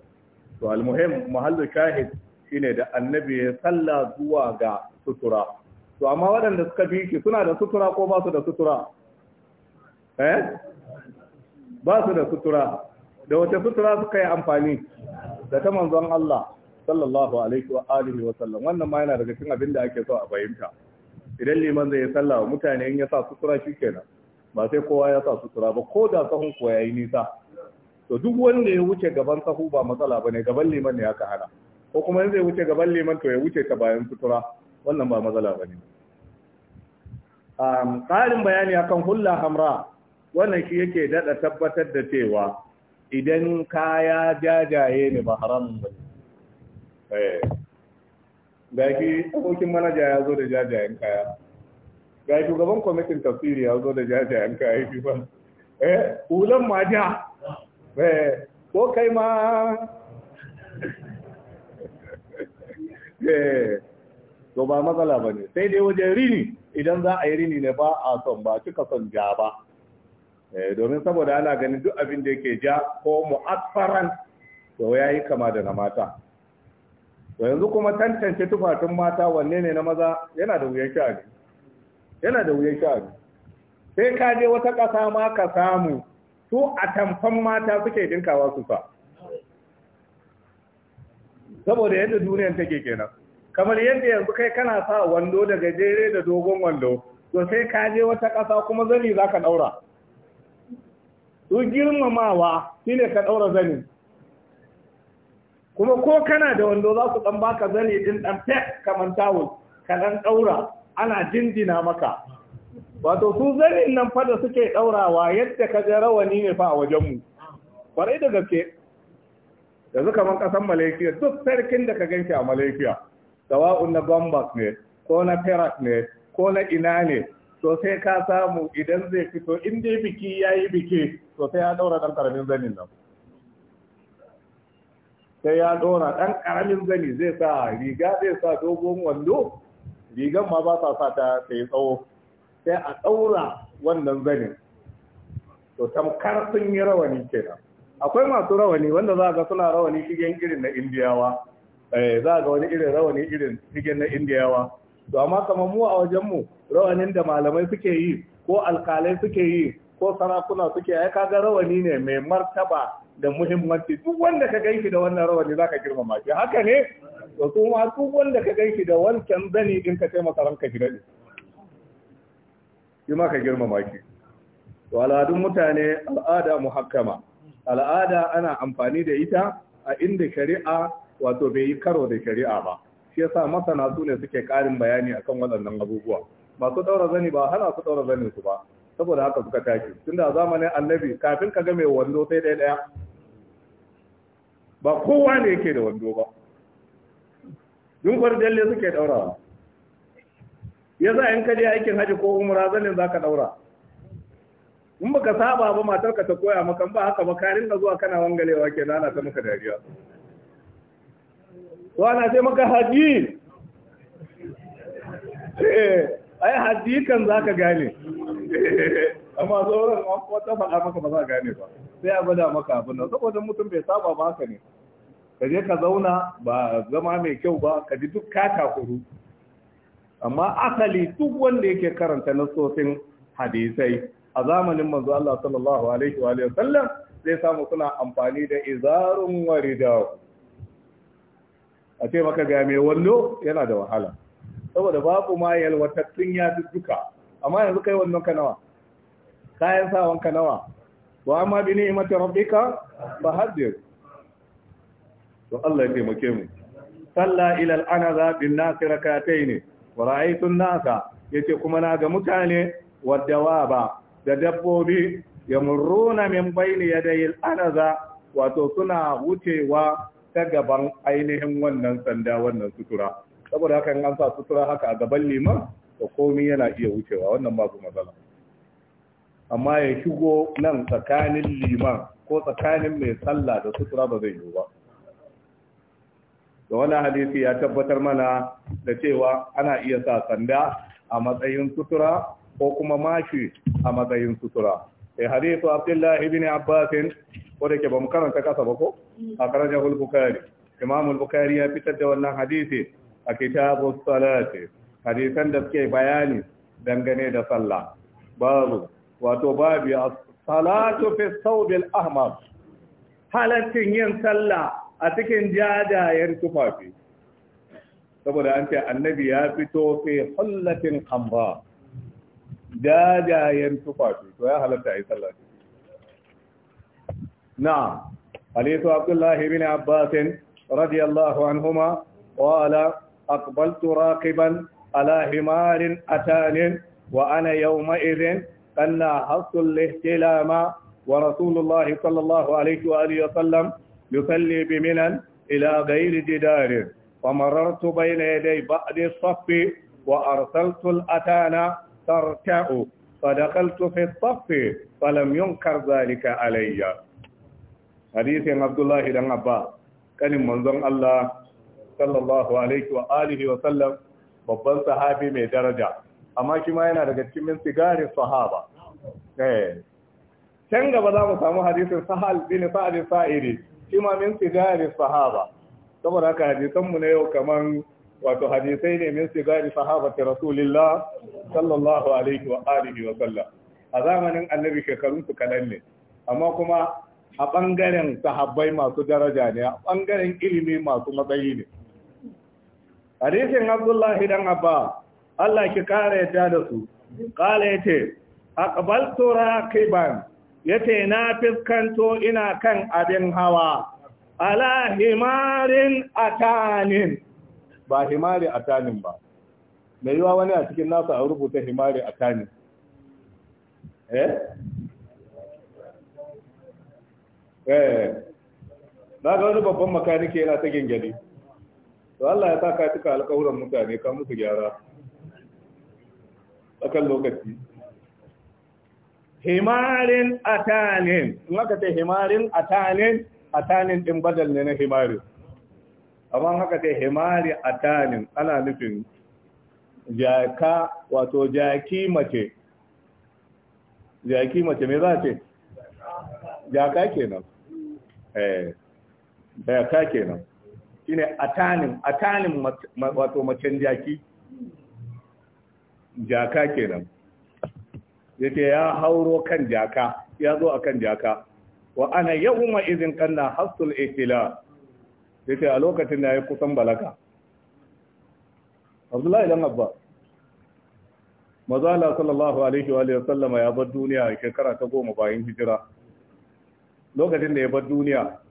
to almuhim mahallu shahid shine da annabi ya salla zuwa ga sutura to amma waɗanda suka bi shi suna da sutura ko ba su da sutura eh ba su da sutura da wata sutura suka yi amfani da ta manzon Allah sallallahu alaihi wa alihi wa sallam wannan ma yana daga cikin abin da ake so a fahimta idan liman zai salla mutane in ya sa sutura shikenan ba sai kowa ya sa sutura ba ko da sahun kuwa ya yi nisa to duk wanda ya wuce gaban sahu ba matsala ba ne gaban liman ne aka hana ko kuma zai wuce gaban liman to ya wuce ta bayan sutura wannan ba matsala ba ne Tsarin bayani akan hulla hamra wannan shi yake daɗa tabbatar da cewa idan kaya jajaye ne ba haram ba ne eh. ga shi abokin manaja ya zo da jajayen kaya ga shugaban kwamitin tafsiri ya zo da jajayen kayan shi ba eh ulan ma ja eh ko kai ma eh to ba matsala ba ne sai dai wajen rini idan za a yi rini ne ba a son ba cika son ja ba Eh domin saboda ana ganin duk abin da yake ja ko mu'asfaran to ya yi kama da na mata to yanzu kuma tantance tufafin mata wanne ne na maza yana da wuyan sha'ani yana da wuyan sha'ani sai ka je wata ƙasa ma ka samu su a tamfan mata suke dinkawa su fa saboda yadda duniyan take kenan kamar yadda yanzu kai kana sa wando da gajere da dogon wando to sai ka je wata ƙasa kuma zani za ka ɗaura su girmamawa shi ne ka ɗaura zani kuma ko kana da wando za su ɗan baka zani din ɗan fek kamar tawul ka ɗan ɗaura ana jinjina maka wato su zanin nan fa da suke daurawa yadda ka ga rawani ne fa a wajenmu kwarai da gaske yanzu kaman kasan malaysia duk sarkin da ka ganshi a malaysia sawa'un na gombas ne ko na perak ne ko na ina ne to sai ka samu idan zai fito in dai biki ya yi biki to sai ya daura dan karamin zanin nan sai ya daura dan karamin zani zai sa riga zai sa dogon wando rigan ma ba sa sa ta tsaye tsawo sai a ɗaura wannan zanin to tamkar sun yi rawani kenan akwai masu rawani wanda za ga suna rawani shigen irin na indiyawa eh, za ga wani irin rawani irin shigen na indiyawa to amma kamar mu a wajen mu rawanin da malamai suke yi ko alkalai suke yi ko sarakuna suke ya kaga rawani ne mai martaba da muhimmanci duk wanda ka ganki da wannan rawani za ka girmama shi haka ne da wasu duk wanda ka ganki da wancan zani din ka taimaka ranka shi shi ma ka girmama shi to al'adun mutane al'ada muhakkama al'ada ana amfani da ita a inda shari'a wato bai yi karo da shari'a ba shi yasa masana su ne suke karin bayani akan waɗannan abubuwa masu daura zani ba hana su daura zanin su ba saboda haka suka tashi tunda zamanin annabi kafin ka ga mai wando sai ɗaya ɗaya ba kowa ne yake da wando ba dunkwar jalle suke daurawa ya za in ka je aikin haji ko umra zalin za ka daura in baka saba ba matar ka ta koya maka ba haka ba karin da zuwa kana wangalewa ke nana ta maka dariya to ana sai maka haji eh ai haji kan za ka gane amma sauran wata faɗa maka ba za ka gane ba sai a gwada maka abin nan saboda mutum bai saba ba haka ne ka je ka zauna ba zama mai kyau ba ka ji duk kata kuru amma asali duk wanda yake karanta na nasosin hadisai a zamanin manzo Allah sallallahu alaihi wa sallam zai samu suna amfani da izarun warida a ce maka ga mai wallo yana da wahala saboda babu ma yalwatattun ya duka amma yanzu kai wannan ka nawa kayan sawan ka nawa wa amma bi ni'matir rabbika fahaddith to Allah ya taimake mu salla ila al-anaza bin nasira kataini wa ra'aytu an-nasa yace kuma na ga mutane wa dawaba da dabbobi yamurruna min bayni yaday al-anaza wato suna wucewa ta gaban ainihin wannan sanda wannan sutura saboda haka an sa sutura haka a gaban liman to komai yana iya wucewa wannan babu matsala amma ya shigo nan tsakanin liman ko tsakanin mai sallah da sutura ba zai yiwu ba da wani hadisi ya tabbatar mana da cewa ana iya sa sanda a matsayin sutura ko kuma mashi a matsayin sutura sai eh, hadisu abdullahi ibn abbas ko da ke ba mu karanta kasa ba ko a karanta bukhari imam bukhari ya fitar da wannan hadisi a kitabu salati hadisan da suke bayani dangane da sallah babu wato babu salatu fi thawbil ahmar yin sallah a cikin jajayen tufafi saboda an ce annabi ya fito fi hullatin kamba jajayen tufafi to ya halatta yi sallah na halittu abdullahi bin abbasin radiyallahu anhuma qala aqbaltu raqiban ala himarin atanin wa ana yawma idhin qanna hasul ihtilama ورسول الله صلى الله عليه وآله وسلم yusalli bi minan ila ghairi jidarin فمررت بين يدي بعد الصف وأرسلت الأتانا تركع فدخلت في الصف فلم ينكر ذلك علي حديث عبد الله بن عباس كان منظر الله صلى الله عليه وآله وسلم babban sahabi mai daraja amma shi ma yana daga cikin sigarin sahaba eh can gaba za mu samu hadisin sahal bin sa'id sa'idi shi min sigari sahaba saboda haka mu na yau kamar wato hadisai ne min sigari ta rasulillah sallallahu alaihi wa alihi wa sallam a zamanin annabi shekarun su kalan ne amma kuma a bangaren sahabbai masu daraja ne a bangaren ilimi masu matsayi ne hadisin abdullah dan abba Allah ki kare yadda da su kala yace aqbaltu raqiban yace na fiskanto ina kan abin hawa ala himarin atanin ba himari atanin ba mai yiwa wani a cikin nasa a rubuta himari atanin eh eh na ga wani babban makanike yana ta gingari to Allah ya sa ka cika alƙawuran mutane ka musu gyara tsakan lokaci himarin atanin in haka ce himarin atanin atanin din badal ne na himari amma haka ce himari atanin ana nufin jaka wato jaki mace jaki mace mai za ce jaka kenan eh jaka kenan shine atanin atanin wato macen jaki jaka kenan yace ya hauro kan jaka ya zo akan jaka wa ana yawma idhin kanna hasul ihtila yace a lokacin da ya kusan balaka Abdullahi dan Abba mazala sallallahu alaihi wa sallama ya bar duniya a shekara ta goma bayan hijira lokacin da ya bar duniya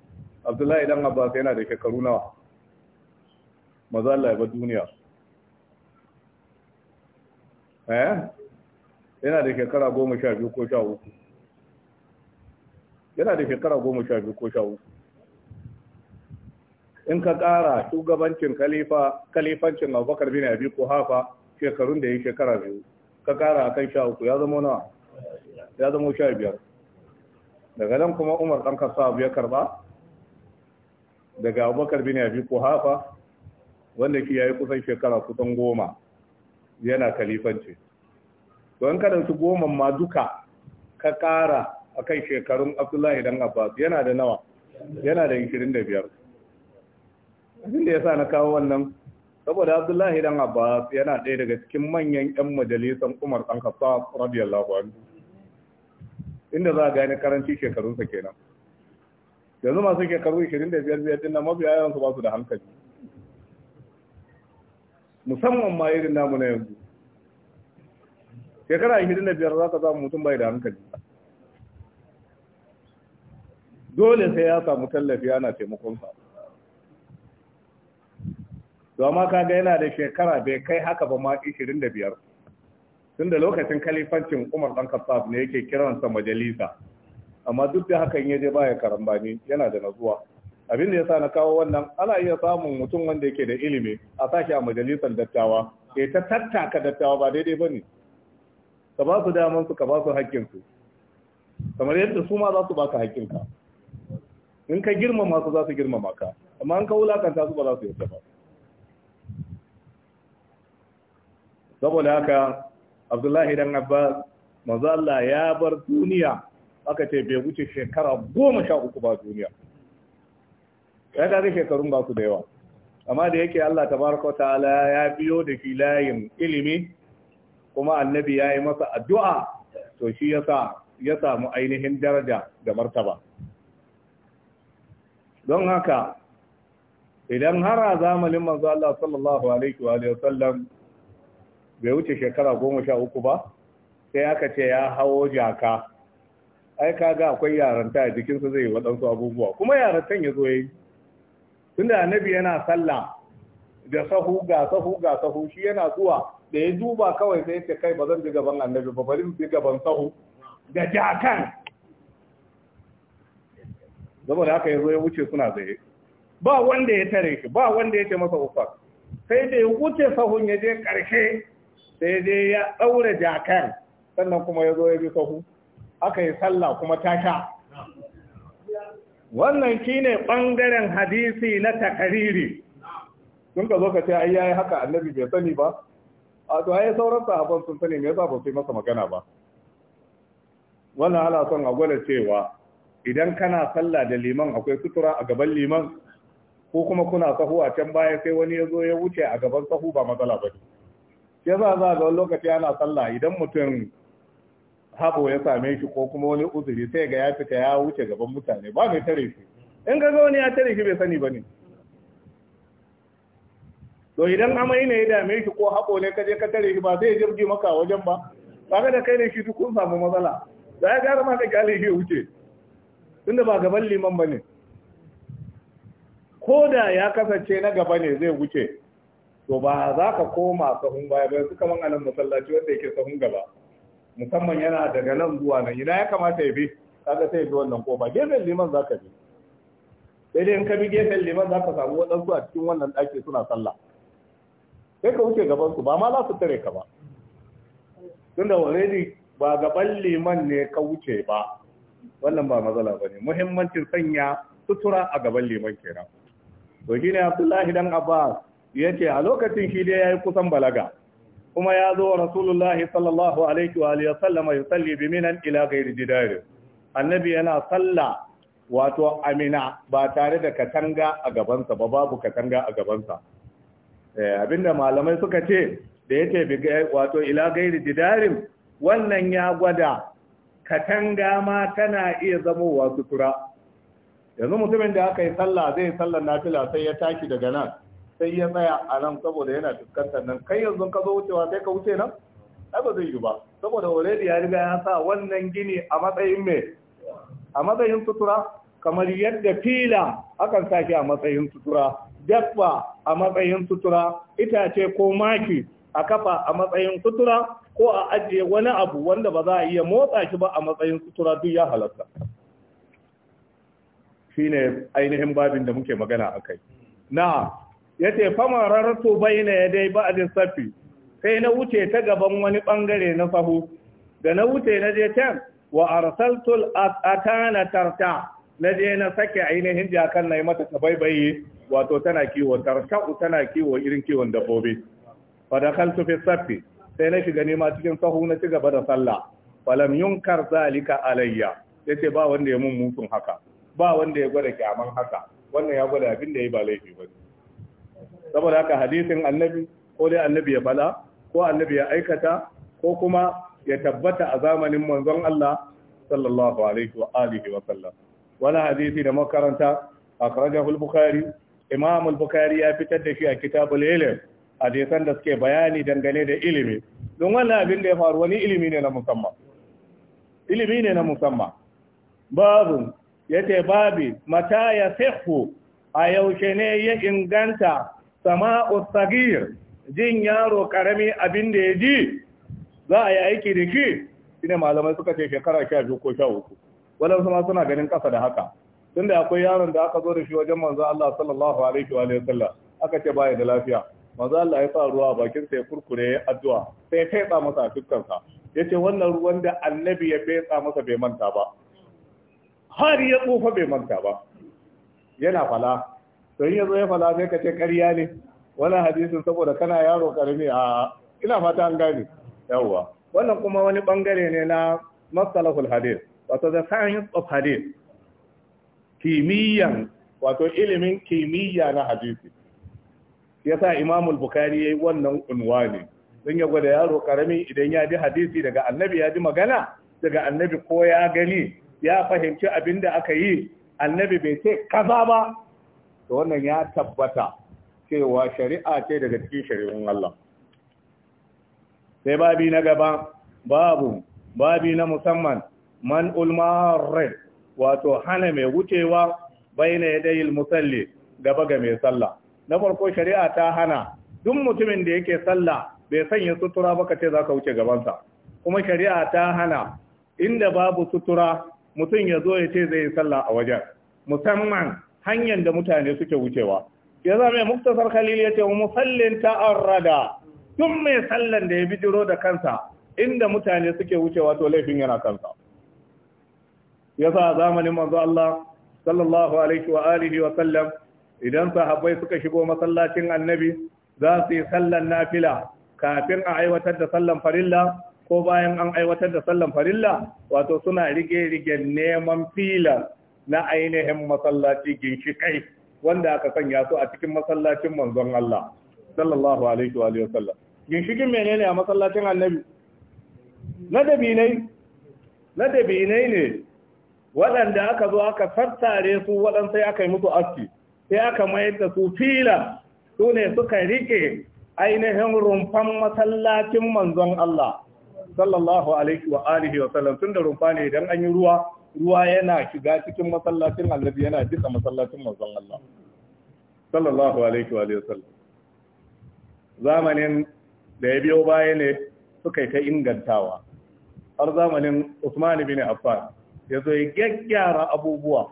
Abdullahi dan sai yana da shekaru nawa mazala ya bar duniya eh yana da shekara goma sha biyu ko sha uku yana da shekara goma sha biyu ko sha uku in ka ƙara shugabancin kalifa kalifancin abubakar bin abi ko hafa shekarun da ya yi shekara biyu ka ƙara akan sha uku ya zama nawa ya zama sha biyar daga nan kuma umar ɗan kasa ya karɓa daga abubakar bin abi ko hafa wanda shi ya yi kusan shekara kusan goma yana kalifanci don ka su goma ma duka ka ƙara kai shekarun Abdullahi dan Abbas yana da nawa yana da 25 abin da ya sa na kawo wannan saboda Abdullahi dan Abbas yana ɗaya daga cikin manyan 'yan majalisan Umar dan Khattab radiyallahu anhu inda za a gani karanci shekarunsa kenan yanzu masu shekaru 25 din nan mabiya yawan su ba su da hankali musamman ma irin namu na yanzu shekara ashirin da biyar za ka samu mutum bai da hankali dole sai ya samu tallafi ana taimakonsa domin ga yana da shekara bai kai haka ba ma ashirin da biyar tun da lokacin kalifancin umar Dan kasaf ne yake kiransa majalisa amma duk da hakan ya je ne karambani yana da nazuwa abin da ya sa na kawo wannan ana iya samun mutum wanda yake da ilimi a sashi a majalisar dattawa ya ta tattaka dattawa ba daidai ba ne ka ba su daman su ka ba su haƙƙin su kamar yadda su ma za su baka haƙƙin ka in ka girmama su za su girmama ka amma an ka wulakanta su ba za su yarda ba saboda haka Abdullahi dan Abbas mazalla Allah ya bar duniya aka ce bai wuce shekara goma sha uku ba duniya ya zai shekarun ba su da yawa amma da yake Allah tabaraka ta'ala ya biyo da filayin ilimi kuma annabi ya yi masa addu'a to shi ya samu ainihin daraja da martaba don haka idan har a zamanin manzo Allah sallallahu alaihi wa sallam bai wuce shekara goma sha uku ba sai aka ce ya hawo jaka ai kaga akwai yaranta a jikinsu zai yi waɗansu abubuwa kuma yarantan ya zo ya yi tunda annabi yana sallah da sahu ga sahu ga sahu shi yana zuwa da ya duba kawai sai ce kai ba zan bi gaban annabi ba bari bi gaban sahu da jakan da aka yi zoye wuce suna zaye ba wanda ya tare shi ba wanda ya ce masa ufa sai da ya wuce sahun ya je karshe sai dai ya daura jakan sannan kuma ya zo ya bi sahu aka yi sallah kuma ta sha wannan ne bangaren hadisi na takariri sun ka zo ka ce ai yayi haka annabi bai sani ba a to ai sauran sahabban sun sani me yasa ba su masa magana ba wannan ana son a gwada cewa idan kana sallah da liman akwai sutura a gaban liman ko kuma kuna sahu a can baya sai wani ya zo ya wuce a gaban sahu ba matsala ba ne ya za za ga lokaci ana sallah idan mutum habo ya same shi ko kuma wani uzuri sai ga ya fita ya wuce gaban mutane ba mai tare shi in ga wani ya tare shi bai sani ba ne to idan amai ne ya dame shi ko hako ne ka je ka tare shi ba zai jirgi maka wajen ba kaga da kai ne shi duk kun samu matsala da ya gara ma ka kyale shi wuce tunda ba gaban liman bane ko da ya kasance na gaba ne zai wuce to ba za ka koma sahun baya ba su kaman anan masallaci wanda yake sahun gaba musamman yana daga nan zuwa nan ina ya kamata ya bi kaga sai bi wannan ba. gefen liman za ka bi sai dai in ka bi gefen liman za ka samu waɗansu a cikin wannan ɗaki suna sallah sai ka wuce gaban su ba ma za su tare ka ba tunda already ba gaban liman ne ka wuce ba wannan ba matsala bane muhimmancin sanya sutura a gaban liman kenan to ne Abdullahi dan Abbas ce a lokacin shi dai yayi kusan balaga kuma ya zo Rasulullahi sallallahu alaihi wa alihi sallama yusalli bi minan ila ghairi jidari annabi yana salla wato amina ba tare da katanga a gabansa ba babu katanga a gabansa Eh, abinda malamai suka ce da ya ce wato ila gairi didarim wannan ya gwada katanga ma tana iya zamowa sutura yanzu mutumin da aka yi sallah zai yi sallar nafila sai ya tashi daga nan sai ya tsaya a nan saboda yana fuskantar nan kai yanzu ka zo wucewa sai ka wuce nan ai ba zai yi ba saboda already ya riga ya sa wannan gini a matsayin me a matsayin sutura kamar yadda fila akan sake a matsayin sutura dabba a matsayin sutura itace ko maki a kafa a matsayin sutura ko a ajiye wani abu wanda ba za a iya motsa shi ba a matsayin sutura duk ya halatta shi ne ainihin babin da muke magana a kai na ya ce fama rarrato bai na ya dai ba a lissafi sai na wuce ta gaban wani bangare na sahu da na wuce na je can wa arsaltul atana tarta na je na sake ainihin jakan na yi mata tabaibayi wato tana kiwo tarsha'u tana kiwo irin kiwon dabbobi fada kaltu fi saffi sai na shiga nema cikin sahu na ci gaba da sallah falam yunkar zalika alayya yace ba wanda ya mun mutun haka ba wanda ya gwada kyaman haka wannan ya gwada abin da ya ba laifi ba saboda haka hadisin annabi ko dai annabi ya bala ko annabi ya aikata ko kuma ya tabbata a zamanin manzon Allah sallallahu alaihi wa alihi wa sallam wani hadisi da makaranta a al bukari imam bukari ya fitar da shi a kitabul a hadisan da suke bayani dangane da ilimi don wannan abin da ya faru wani ilimi ne na musamman ilimi ne na musamman babu ya ce, babi mata ya sihu a yaushe ne ya inganta sama'u sagir jin yaro karami abin da ya ji za a yi aiki da shi ne malamai suka ce shekara sha biyu ko sha uku? waɗansu sama suna ganin ƙasa da haka tunda akwai yaron da aka zo da shi wajen manzo Allah sallallahu alaihi wa sallam aka ce baya da lafiya manzo Allah ya sa ruwa a bakin sa ya kurkure addu'a sai ya fetsa masa a fuskar sa yace wannan ruwan da annabi ya fetsa masa bai manta ba har ya tsufa bai manta ba yana fala to in yazo ya fala sai ka ce ƙarya ne wannan hadisin saboda kana yaro karami a ina fata an gane yawwa wannan kuma wani bangare ne na masalahul hadith wato the science of hadith kimiyyan wato ilimin kimiyya na hadisi yasa imamul bukari yayi wannan unwani don ya gwada yaro karami idan ya ji hadisi daga annabi ya ji magana daga annabi ko ya gani ya fahimci abin da aka yi annabi bai ce kaza ba to wannan ya tabbata cewa shari'a ce daga cikin shari'un Allah sai babi na gaba babu babi na musamman man ulmarin, wato hana mai wucewa bai na musalli gaba ga mai sallah na farko shari'a ta hana duk mutumin da yake sallah bai sanya sutura ba ce za ka wuce gabansa kuma shari'a ta hana inda babu sutura mutum ya zo ya ce zai yi sallah a wajen musamman hanyar da mutane suke wucewa ya zama mai muktasar khalil ya ce wa musallin ta'arrada tun mai sallan da ya bijiro da kansa inda mutane suke wucewa to laifin yana kansa yasa zamanin manzo Allah sallallahu alaihi wa alihi wa sallam idan sahabbai suka shigo masallacin annabi za su yi sallan nafila kafin a aiwatar da sallan farilla ko bayan an aiwatar da sallan farilla wato suna rige-rige neman fila na ainihin masallaci ginshikai wanda aka sanya su a cikin masallacin manzon Allah sallallahu alaihi wa alihi wasallam ginshikin menene a masallacin annabi na dabinai na dabinai ne waɗanda aka zo aka tattare su waɗansu sai aka yi musu aski sai aka mayar da su fila su ne suka riƙe ainihin rumfan masallacin manzon Allah sallallahu alaihi wa alihi wa sallam tun da rumfa ne idan an yi ruwa ruwa yana shiga cikin masallacin annabi yana jika masallacin manzon Allah sallallahu alaihi wa sallam zamanin da ya biyo baya ne suka yi ta ingantawa har zamanin Usman ibn Affan ya zo ya gyaggyara abubuwa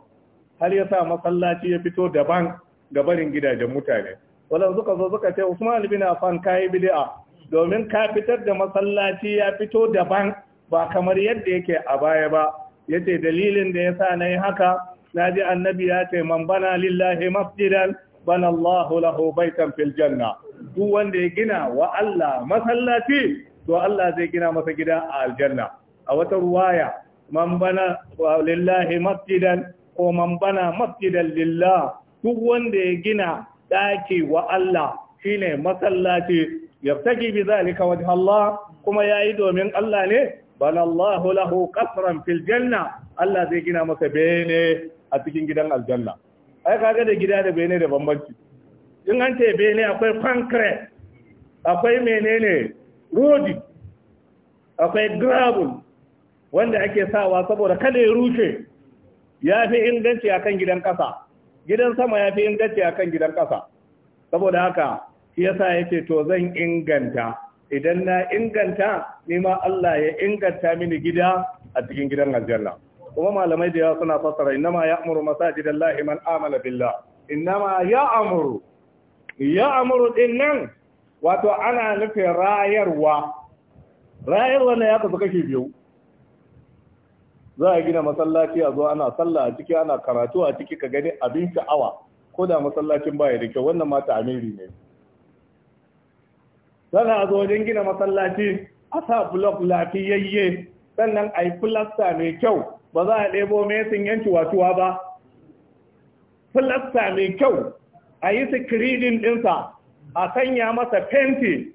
har ya sa masallaci ya fito daban ga barin gidajen mutane wadanda suka zo suka ce usman bin affan kayi bid'a domin ka fitar da masallaci ya fito daban ba kamar yadda yake a baya ba yace dalilin da yasa nayi haka naji annabi ya ce man bana lillahi masjidan bana Allahu lahu baitan fil janna duk wanda ya gina wa Allah masallaci to Allah zai gina masa gida a aljanna a wata ruwaya man bana wa lillahi masjidan ko man bana masjidan lillah duk wanda ya gina daki wa Allah shine masallaci yaftaki bi zalika wajh Allah kuma yayi domin Allah ne balallahu lahu qasran fil janna Allah zai gina masa bene a cikin gidan aljanna ai kaga da gida da bene da bambanci in an ce bene akwai concrete akwai menene rodi akwai gravel wanda ake sawa saboda kada ya rushe ya fi inganci akan gidan ƙasa gidan sama ya fi inganci akan gidan ƙasa saboda haka shi ya ce to zan inganta idan na inganta nima Allah ya inganta mini gida a cikin gidan aljanna kuma malamai da yawa suna fassara Inna ma ya'muru Lahi man amana billah ma ya'muru ya'muru din nan wato ana nufin rayarwa rayarwa ne ya kasu kashi biyu za a gina masallaci a zo ana sallah a ciki ana karatu a ciki ka gani abin sha'awa ko da masallacin baya da kyau wannan mata amiri ne sana a zo wajen gina masallaci a sa blok lafiyayye sannan a yi filasta mai kyau ba za a ɗebo mesin yanci wasuwa ba filasta mai kyau a yi sikiridin ɗinsa a sanya masa fenti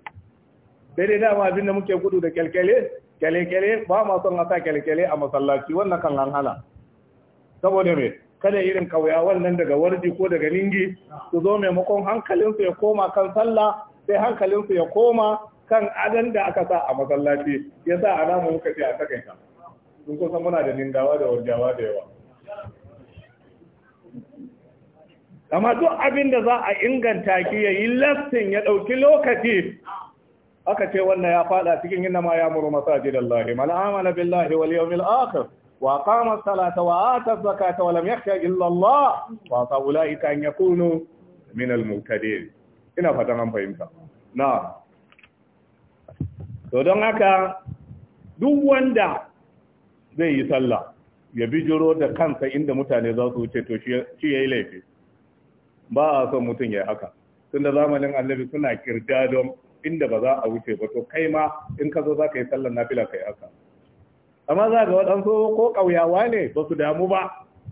daidai dama abin da muke gudu da kyalkyale kyale-kyale ba ma son a sa kyale-kyale a masallaci wannan kan an saboda me kada irin kauya wannan daga warji ko daga ningi su zo maimakon hankalinsu ya koma kan sallah sai hankalinsu ya koma kan adan da aka sa a masallaci ya sa a muka ce a takaita sun kusan muna da ningawa da warjawa da yawa amma duk abin da za a inganta ki ya yi laftin ya ɗauki lokaci aka ce wannan ya fada cikin inna ma ya muru masajidallahi man amana lahi. wal yawmil akhir wa qama as-salata wa ata az-zakata wa lam yakhsha illa Allah wa fa ulaika an yakunu min al ina fatan an fahimta na to don haka duk wanda zai yi sallah ya bijiro da kansa inda mutane za su wuce to shi ya yi laifi ba a son mutum ya haka tunda zamanin annabi suna kirda don inda ba za a wuce ba to kai ma in ka zo za ka yi sallar nafila kai yi haka amma za ga waɗansu ko ƙauyawa ne ba su damu ba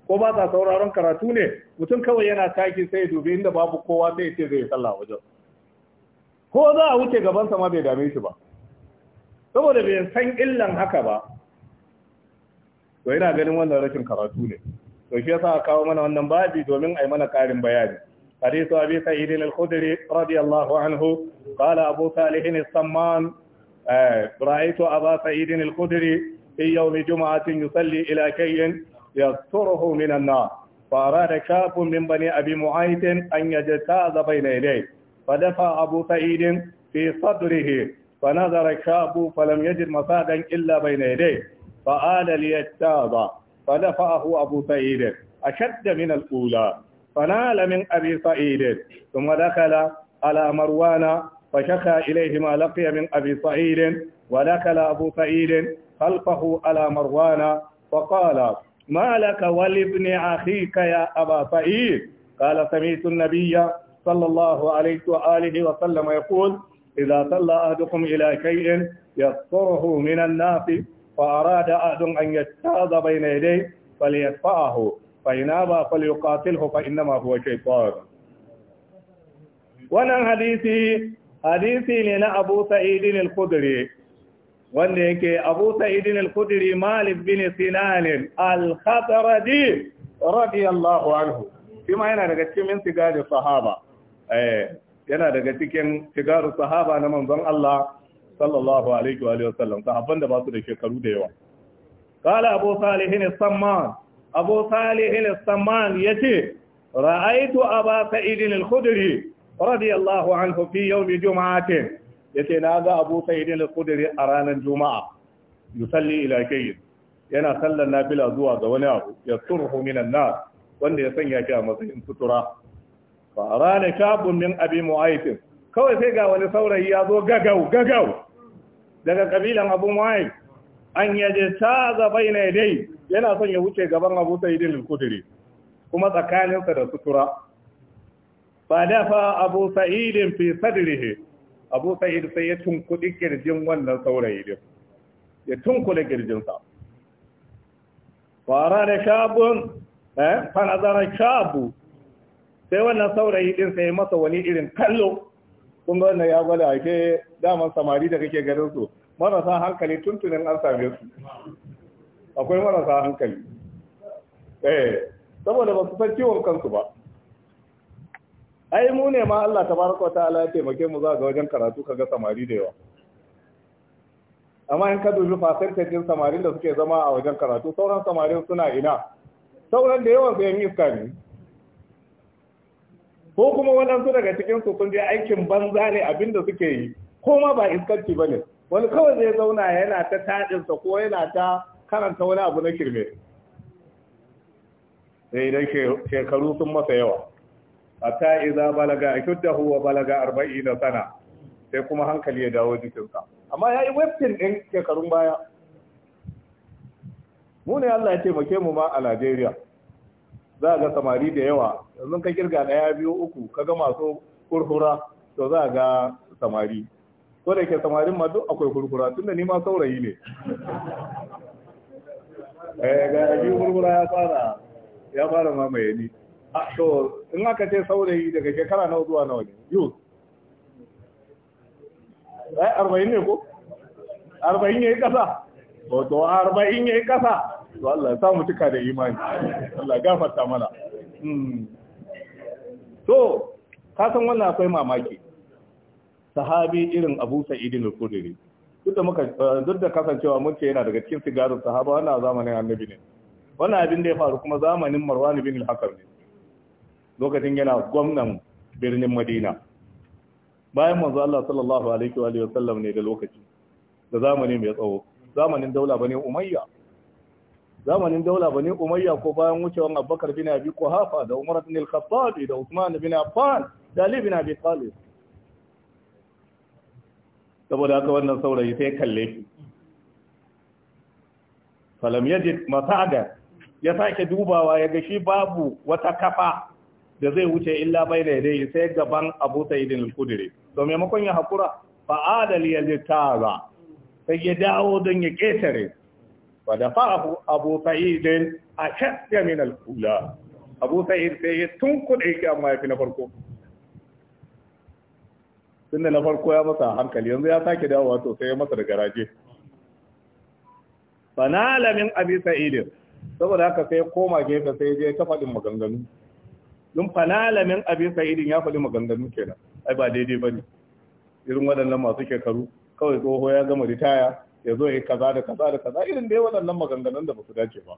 ko ba sa sauraron karatu ne mutum kawai yana taki sai dubi inda babu kowa sai ya ce zai sallah wajen ko za a wuce gabansa ma bai dame shi ba saboda bai san illan haka ba to ina ganin wannan rashin karatu ne to shi yasa kawo mana wannan babi domin ai mana karin bayani حديث أبي سعيد الخدري رضي الله عنه قال أبو صالح الصمان آه، رأيت أبا سعيد الخدري في يوم جمعة يصلي إلى كي يستره من النار فأراد كاف من بني أبي معيط أن يجتاز بين يديه فدفع أبو سعيد في صدره فنظر الشاب فلم يجد مصادا إلا بين يديه فآل ليجتاز فدفعه أبو سعيد أشد من الأولى فنال من أبي سعيد ثم دخل على مروان فشكى إليه ما لقي من أبي سعيد ودخل أبو سعيد خلفه على مروان فقال ما لك ولابن أخيك يا أبا سعيد قال سمعت النبي صلى الله عليه وآله وسلم يقول إذا صلى أحدكم إلى شيء يسطره من الناس فأراد أحد أن يجتاز بين يديه فليدفعه fa ina ba fal yuqatilhu fa innama huwa shaytan wannan hadisi hadisi ne na Abu Sa'id al-Khudri wanda yake Abu Sa'id al-Khudri Malik bin Sinan al-Khadradi radiyallahu anhu kuma yana daga cikin sigarin sahaba eh yana daga cikin sigarin sahaba na manzon Allah sallallahu alaihi wa sallam sahabban da ba su da shekaru da yawa قال أبو صالح الصمان abu salih al-samman yace ra'aytu aba sa'id al-khudri radiyallahu anhu fi yawm jum'atin yace naga abu sa'id al-khudri a ranar juma'a yusalli ila yana sallar nafila zuwa ga wani abu yasurhu minan nar wanda ya sanya shi a matsayin sutura fa arana shabun min abi mu'ayth kawai sai ga wani saurayi ya zo gagau gagau daga kabilan abu mu'ayth an yaje ta za baina dai yana son ya wuce gaban abu sa'idin al-kudri kuma tsakaninsa da sutura Ba da fa abu sa'idin fi sadrihi abu sa'id sai ya tunkudi kirjin wannan saurayi din ya tunkula sa fara da shabun eh fa nazara shabu sai wannan saurayi din sai masa wani irin kallo kun ga wannan ya gwada ake daman samari da kake garinsu, su marasa hankali tuntunin an same su akwai marasa hankali eh saboda ba su san ciwon kansu ba ai mu ne ma Allah tabaraka ta'ala ya taimake mu za ga wajen karatu kaga samari da yawa amma in ka dubi fasantajin samarin da suke zama a wajen karatu sauran samarin suna ina sauran da yawan sayan iska ne ko kuma waɗansu daga cikin su sun je aikin banza ne abinda suke yi ko ma ba iskarci ba ne wani kawai zai zauna yana ta taɗinsa ko yana ta karanta wani abu na kirme sai idan shekaru sun masa yawa ta iza balaga a ashuddahu wa balaga na sana sai kuma hankali ya dawo jikinsa amma ya yi wafin ɗin shekarun baya mu ne Allah ya taimake mu ma a Najeriya za ga samari da yawa yanzu ka kirga ɗaya biyu uku ka ga masu hurhura to za ga samari ko da ke samarin ma duk akwai tun tunda ni ma saurayi ne eh ga ji gurgura ya fara ya fara mamaye ni ah, to in aka ce saurayi daga shekara na zuwa nawa ne yau eh arba'in ne ko arba'in ya yi ƙasa to arba'in ya yi ƙasa to Allah sa mu tuka da imani Allah gafarta mana hmm. to kasan wannan akwai mamaki sahabi irin Abu Sa'id da khudri Eh, duk da kasancewa mun ce yana daga cikin sigarin sahaba wannan zamanin annabi ne wannan abin da ya faru kuma zamanin Marwan bin al-Hakam ne lokacin yana gwamnan birnin Madina bayan manzo Allah sallallahu alaihi wa alihi wasallam ne da lokaci da zamani mai tsawo zamanin daula bane Umayya zamanin daula bane Umayya ko bayan wucewan Abubakar bin Abi Quhafa da Umar bin al-Khattab da Usman bin Affan da Ali bin Abi Talib saboda haka wannan saurayi sai kalle shi falam yajid masada ya sake dubawa ya ga shi babu wata kafa da zai wuce illa bai da yadda sai gaban abu sa'idin al-kudiri to maimakon ya hakura fa adali ya tara sai ya dawo don ya ketare fa da fa abu sa'idin a shadda min al-kula abu sa'id sai ya tunkuɗe ki amma ya fi na farko tunda na farko ya masa hankali yanzu ya sake dawowa sosai ya masa da garaje fanala min abi sa'id saboda haka sai koma gefe sai je ta faɗin maganganu dun fanala min abi sa'id ya faɗi maganganu kenan ai ba daidai bane irin waɗannan masu shekaru kawai tsoho ya gama ritaya ya zo ya kaza da kaza da kaza irin dai waɗannan maganganun da ba su dace ba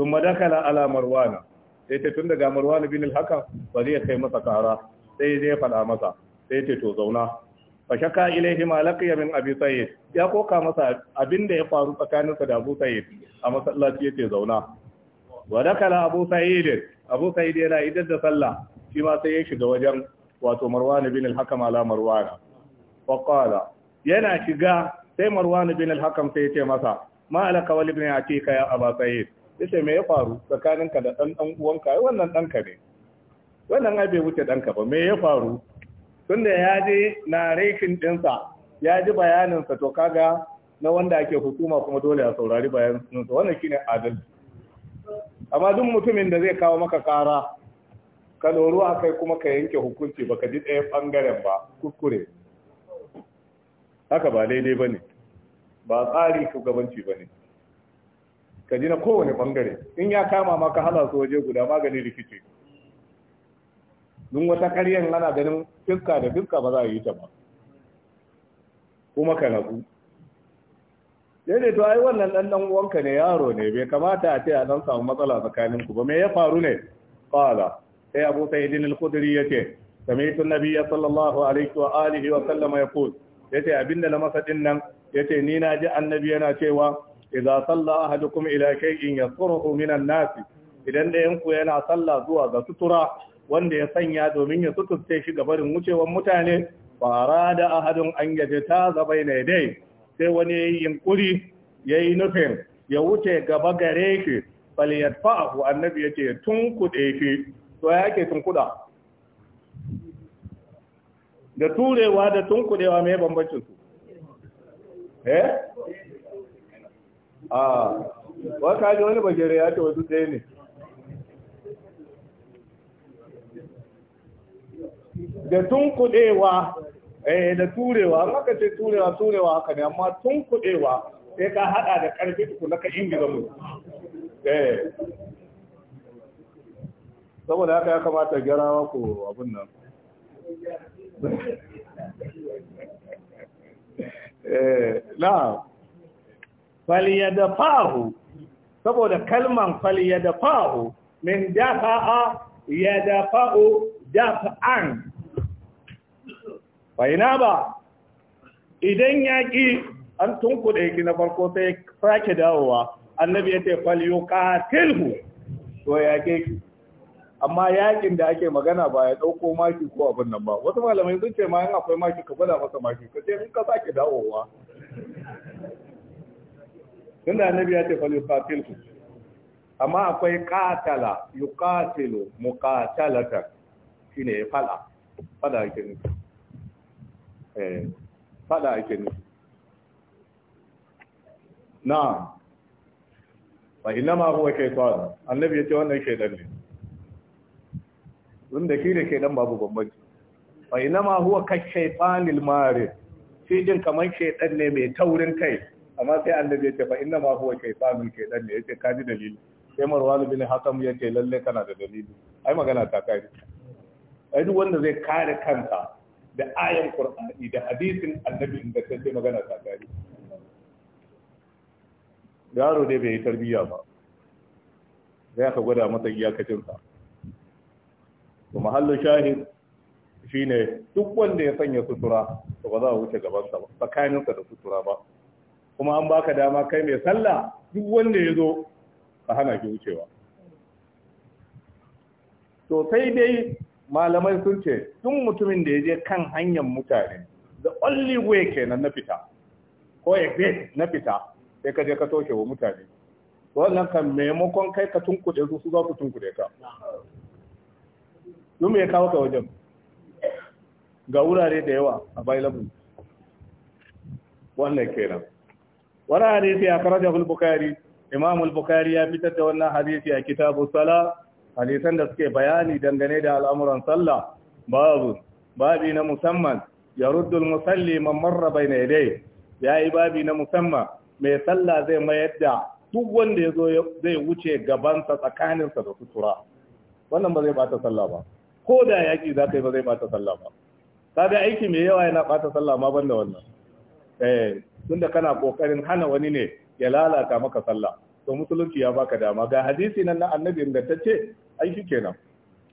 sun madakala ala marwana sai ta tun daga marwana bin al-hakam ba zai kai masa kara sai ya faɗa masa sai ce to zauna fa shaka ilaihi ma laqiya min abi sayyid ya koka masa abin da ya faru tsakanin sa da abu sayyid a masallaci yace zauna wa dakala abu sayyid abu sayyid yana idan da sallah shi ma sai ya shiga wajen wato marwan bin al-hakam ala marwan wa qala yana shiga sai marwan bin al-hakam sai yace masa ma alaka wal ibn atika ya abu sayyid yace me ya faru tsakaninka da dan dan uwanka ai wannan danka ne wannan ai bai wuce ɗanka ba me ya faru Tun da ya je na rekin ɗinsa ya ji bayaninsa to kaga na wanda ake hukuma kuma dole a saurari bayaninsa wannan shine adalci amma duk mutumin da zai kawo maka kara ka doru a kai kuma ka yanke hukunci baka ji ɗaya ɓangaren ba kuskure haka ba daidai ba ne ba tsari shugabanci ba ne ka ji na kowane ɓangare in ya kama maka hala waje guda magani rikici dun wata karyar yana ganin fiska da fiska ba za a yi ta ba kuma ka nagu daidai to ai wannan dan dan uwanka ne yaro ne bai kamata a ce a dan samu matsala tsakaninku ba me ya faru ne qala sai abu sayyidin al-khudri ce, sami'tu an-nabiyya sallallahu alaihi wa alihi wa sallam Ya ce, abinda na masa din nan ce, ni na ji annabi yana cewa idza salla ahadukum ila shay'in yasruhu min nas idan da yanku yana sallah zuwa ga sutura wanda ya sanya domin ya suturce shi gabarin wucewan mutane fara da ahadun an yaje ta zaba ne dai sai wani ya yi yayi ya yi nufin ya wuce gaba gare shi faliyar fa'ahu annabi ya ce tun kuɗe shi to ya ke tun kuɗa da turewa da tun kuɗewa mai bambancin su eh? a ah, wata ji wani bagere ya ce wasu ɗaya ne da tunkuɗewa eh da turewa an ce turewa turewa haka ne amma tunkuɗewa sai ka haɗa da ƙarfi na ka ingiza mu eh saboda haka ya kamata gyarawa ku abin nan eh na falyadafahu saboda kalman falyadafahu min fa'u yadafa'u dafa'an fa ba idan ƙi an tunkuɗe ki na farko sai sake dawowa annabi ya ce fal yuqatilhu to yaƙe ki amma yakin da ake magana ba ya ɗauko maki ko abin nan ba wasu malamai sun ce ma in akwai maki ka gwada masa maki ka ce in ka sake dawowa da annabi ya ce fal yuqatilhu amma akwai qatala yuqatilu muqatalatan shine fala fada kenan Eh, fada ake nufi na ba ina ma huwa tsawon? annabi ya ce wannan shaytan ne da shi da shaytan babu bambanci Ba ina ma huwa ka shaytanil mare? shi kamar kaman shaytan ne mai taurin kai amma sai annabi ya ce, ba ina ma huwa shaytanun shaytan ne yace kaji dalili sai marwan bin hakam ce, lalle kana da dalili ai magana ta kai ai duk wanda zai kare kanta da ayan qur'ani da hadisin annabi da ta sai magana ta kare yaro dai bai yi tarbiyya ba Zai aka gwada masa sa to mahallu shahid shine duk wanda ya sanya sutura to ba za a wuce gabansa ba tsakaninsa da sutura ba kuma an baka dama kai mai sallah duk wanda ya zo ka hana shi wucewa to sai dai malamai sun ce tun mutumin da ya je kan hanyar mutane the only way kenan na fita ko exit na fita sai ka je ka toshe wa mutane wannan kan maimakon kai ka tunkuɗe su su za su tunkuɗe ka yau mai kawo ka wajen ga wurare da yawa a bailabu wannan kenan wani hadisi a karajar bukari imam bukari ya fitar da wannan hadisi a kitabu sala hadisan da suke bayani dangane da al'amuran sallah babu babi na musamman ya ruddul musalli man marra bayna yadai yi babi na musamman mai sallah zai mayar da duk wanda ya zo zai wuce gabansa tsakaninsa da sutura wannan ba zai bata sallah ba ko da yaki zakai ba zai bata sallah ba kaga aiki mai yawa yana bata sallah ma banda wannan eh tunda kana kokarin hana wani ne ya lalata maka sallah to musulunci ya baka dama ga hadisi nan na annabi ce. ai كنا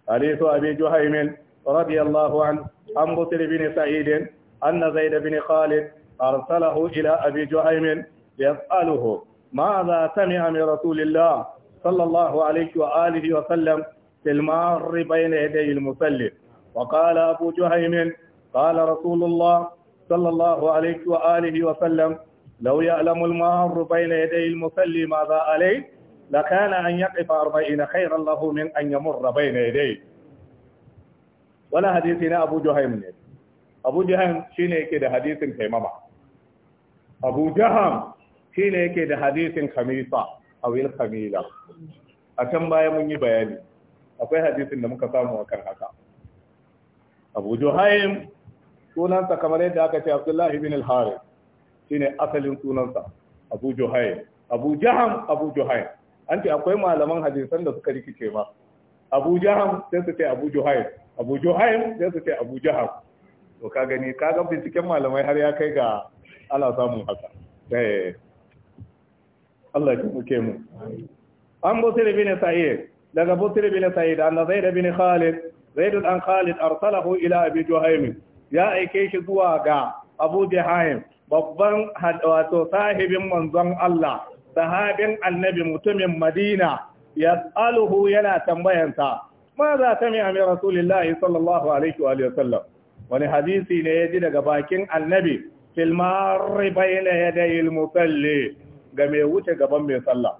حديث ابي جهيم رضي الله عنه عن بطل بن سعيد ان زيد بن خالد ارسله الى ابي جهيم يساله ماذا سمع من رسول الله صلى الله عليه وآله وسلم في المار بين يدي المسلم وقال أبو جهيم قال رسول الله صلى الله عليه وآله وسلم لو يعلم المار بين يدي المسلم ماذا عليه لكان أن يقف أربعين خيرا له من أن يمر بين يديه ولا حديثنا أبو جهيم أبو جهيم شين يكيد حديث كمامة أبو جهيم شين يكيد حديث خميسة أو الخميلة أكم mun مني بياني akwai hadisin da muka samu a kan haka abu sunansa kamar yadda aka ce abdullahi bin al-harith shine asalin sunansa abu juhaim abu an ce akwai malaman hadisan da suka rikice ma abu jaham sai su ce abu juhaim abu juhaim sai su ce abu jaham to ka gani ka ga binciken malamai har ya kai ga ala samun haka eh Allah ya muke mu an busir bin sa'id daga busir bin sa'id an zaid bin khalid zaid an khalid arsalahu ila abi juhaim ya aike shi zuwa ga abu juhaim babban wato sahibin manzon Allah sahabin annabi mutumin madina ya tsaluhu yana tambayansa ma za ta mai amin rasulillahi sallallahu alaihi wa sallam wani hadisi ne ya ji daga bakin annabi filmari na ya dayil musalli ga mai wuce gaban mai sallah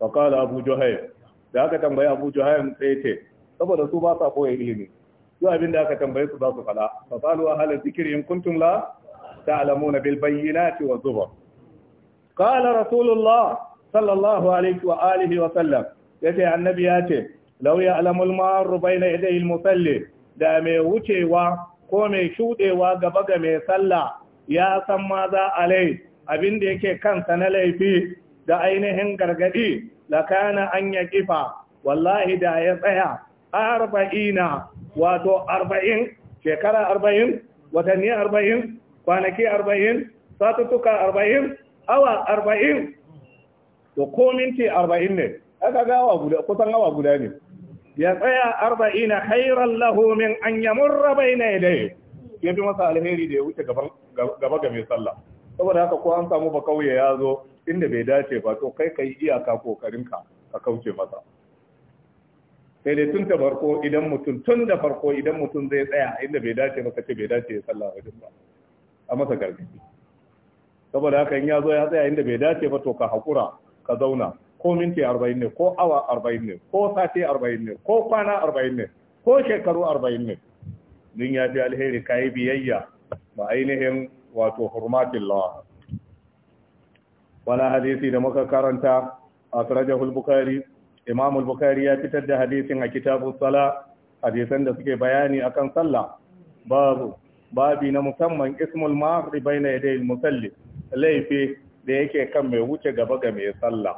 fakala abu juhair da aka tambayi abu juhair sai ce saboda su ba sa koya ilimi su abin da aka tambaye su za su fada fasalu a halar zikiri in kuntum la ta'lamuna bil bayyinati wa zubur qala rasulullah sallallahu alaihi wa wa sallam yace annabi ya ce law ya'lamul maru bayna yadayhi al-musalli da mai wucewa ko mai shuɗewa gaba ga mai sallah ya san ma za alai abinda da yake kansa na laifi da ainihin gargadi la kana an yaqifa wallahi da ya tsaya arba'ina wato arba'in shekara arba'in watanni arba'in kwanaki arba'in satuttuka arba'in awa arba'in to ko minti arba'in ne aka ga awa guda kusan awa guda ne ya tsaya arba'ina hairan hairar lahomin an rabai na yadda ya fi masa alheri da ya wuce gaba ga mai sallah saboda haka ko an samu ba kauye ya zo inda bai dace ba to kai ka yi iyaka kokarinka ka kauce masa sai dai tun da farko idan mutum tun da farko idan mutum zai tsaya inda bai dace ba kace bai dace ya sallah wajen ba a masa gargaɗi saboda haka in ya zo ya tsaya inda bai dace ba to ka haƙura ka zauna ko minti arba'in ne ko awa arba'in ne ko sati arba'in ne ko kwana arba'in ne ko shekaru arba'in ne din ya fi alheri ka yi biyayya ba ainihin wato hurmatin lawa wani hadisi da muka karanta a sarajahul bukari imamul bukari ya fitar da hadisin a kitabun sala hadisan da suke bayani akan sallah babu babi na musamman ismul ma'arri bai na yadda musalli laifi da yake kan mai wuce gaba ga mai sallah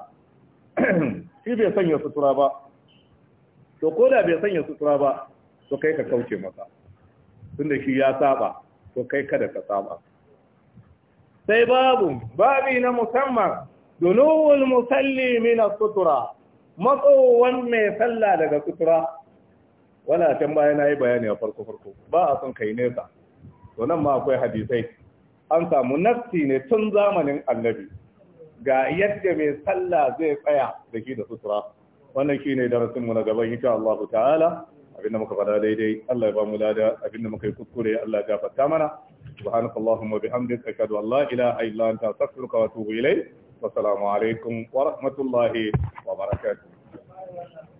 shi bai sanya sutura ba to ko da bai sanya sutura ba to kai ka kauce masa tunda shi ya saba to kai kada ka saba sai babu babi na musamman dunowul musalli min sutura matsowan mai sallah daga sutura wala can baya na yi bayani a farko farko ba a son kai nesa to nan ma akwai hadisai an samu nafsi ne tun zamanin annabi ga yadda mai sallah zai tsaya da shi da sutura wannan shi ne darasinmu na gaban insha Allah ta'ala abinda muka faɗa daidai Allah ya ba mu lada abinda muka yi kuskure Allah ya gafarta mana subhanaka allahumma bihamdika ashhadu an la ilaha illa anta astaghfiruka wa atubu ilayk wa assalamu alaikum wa rahmatullahi wa barakatuh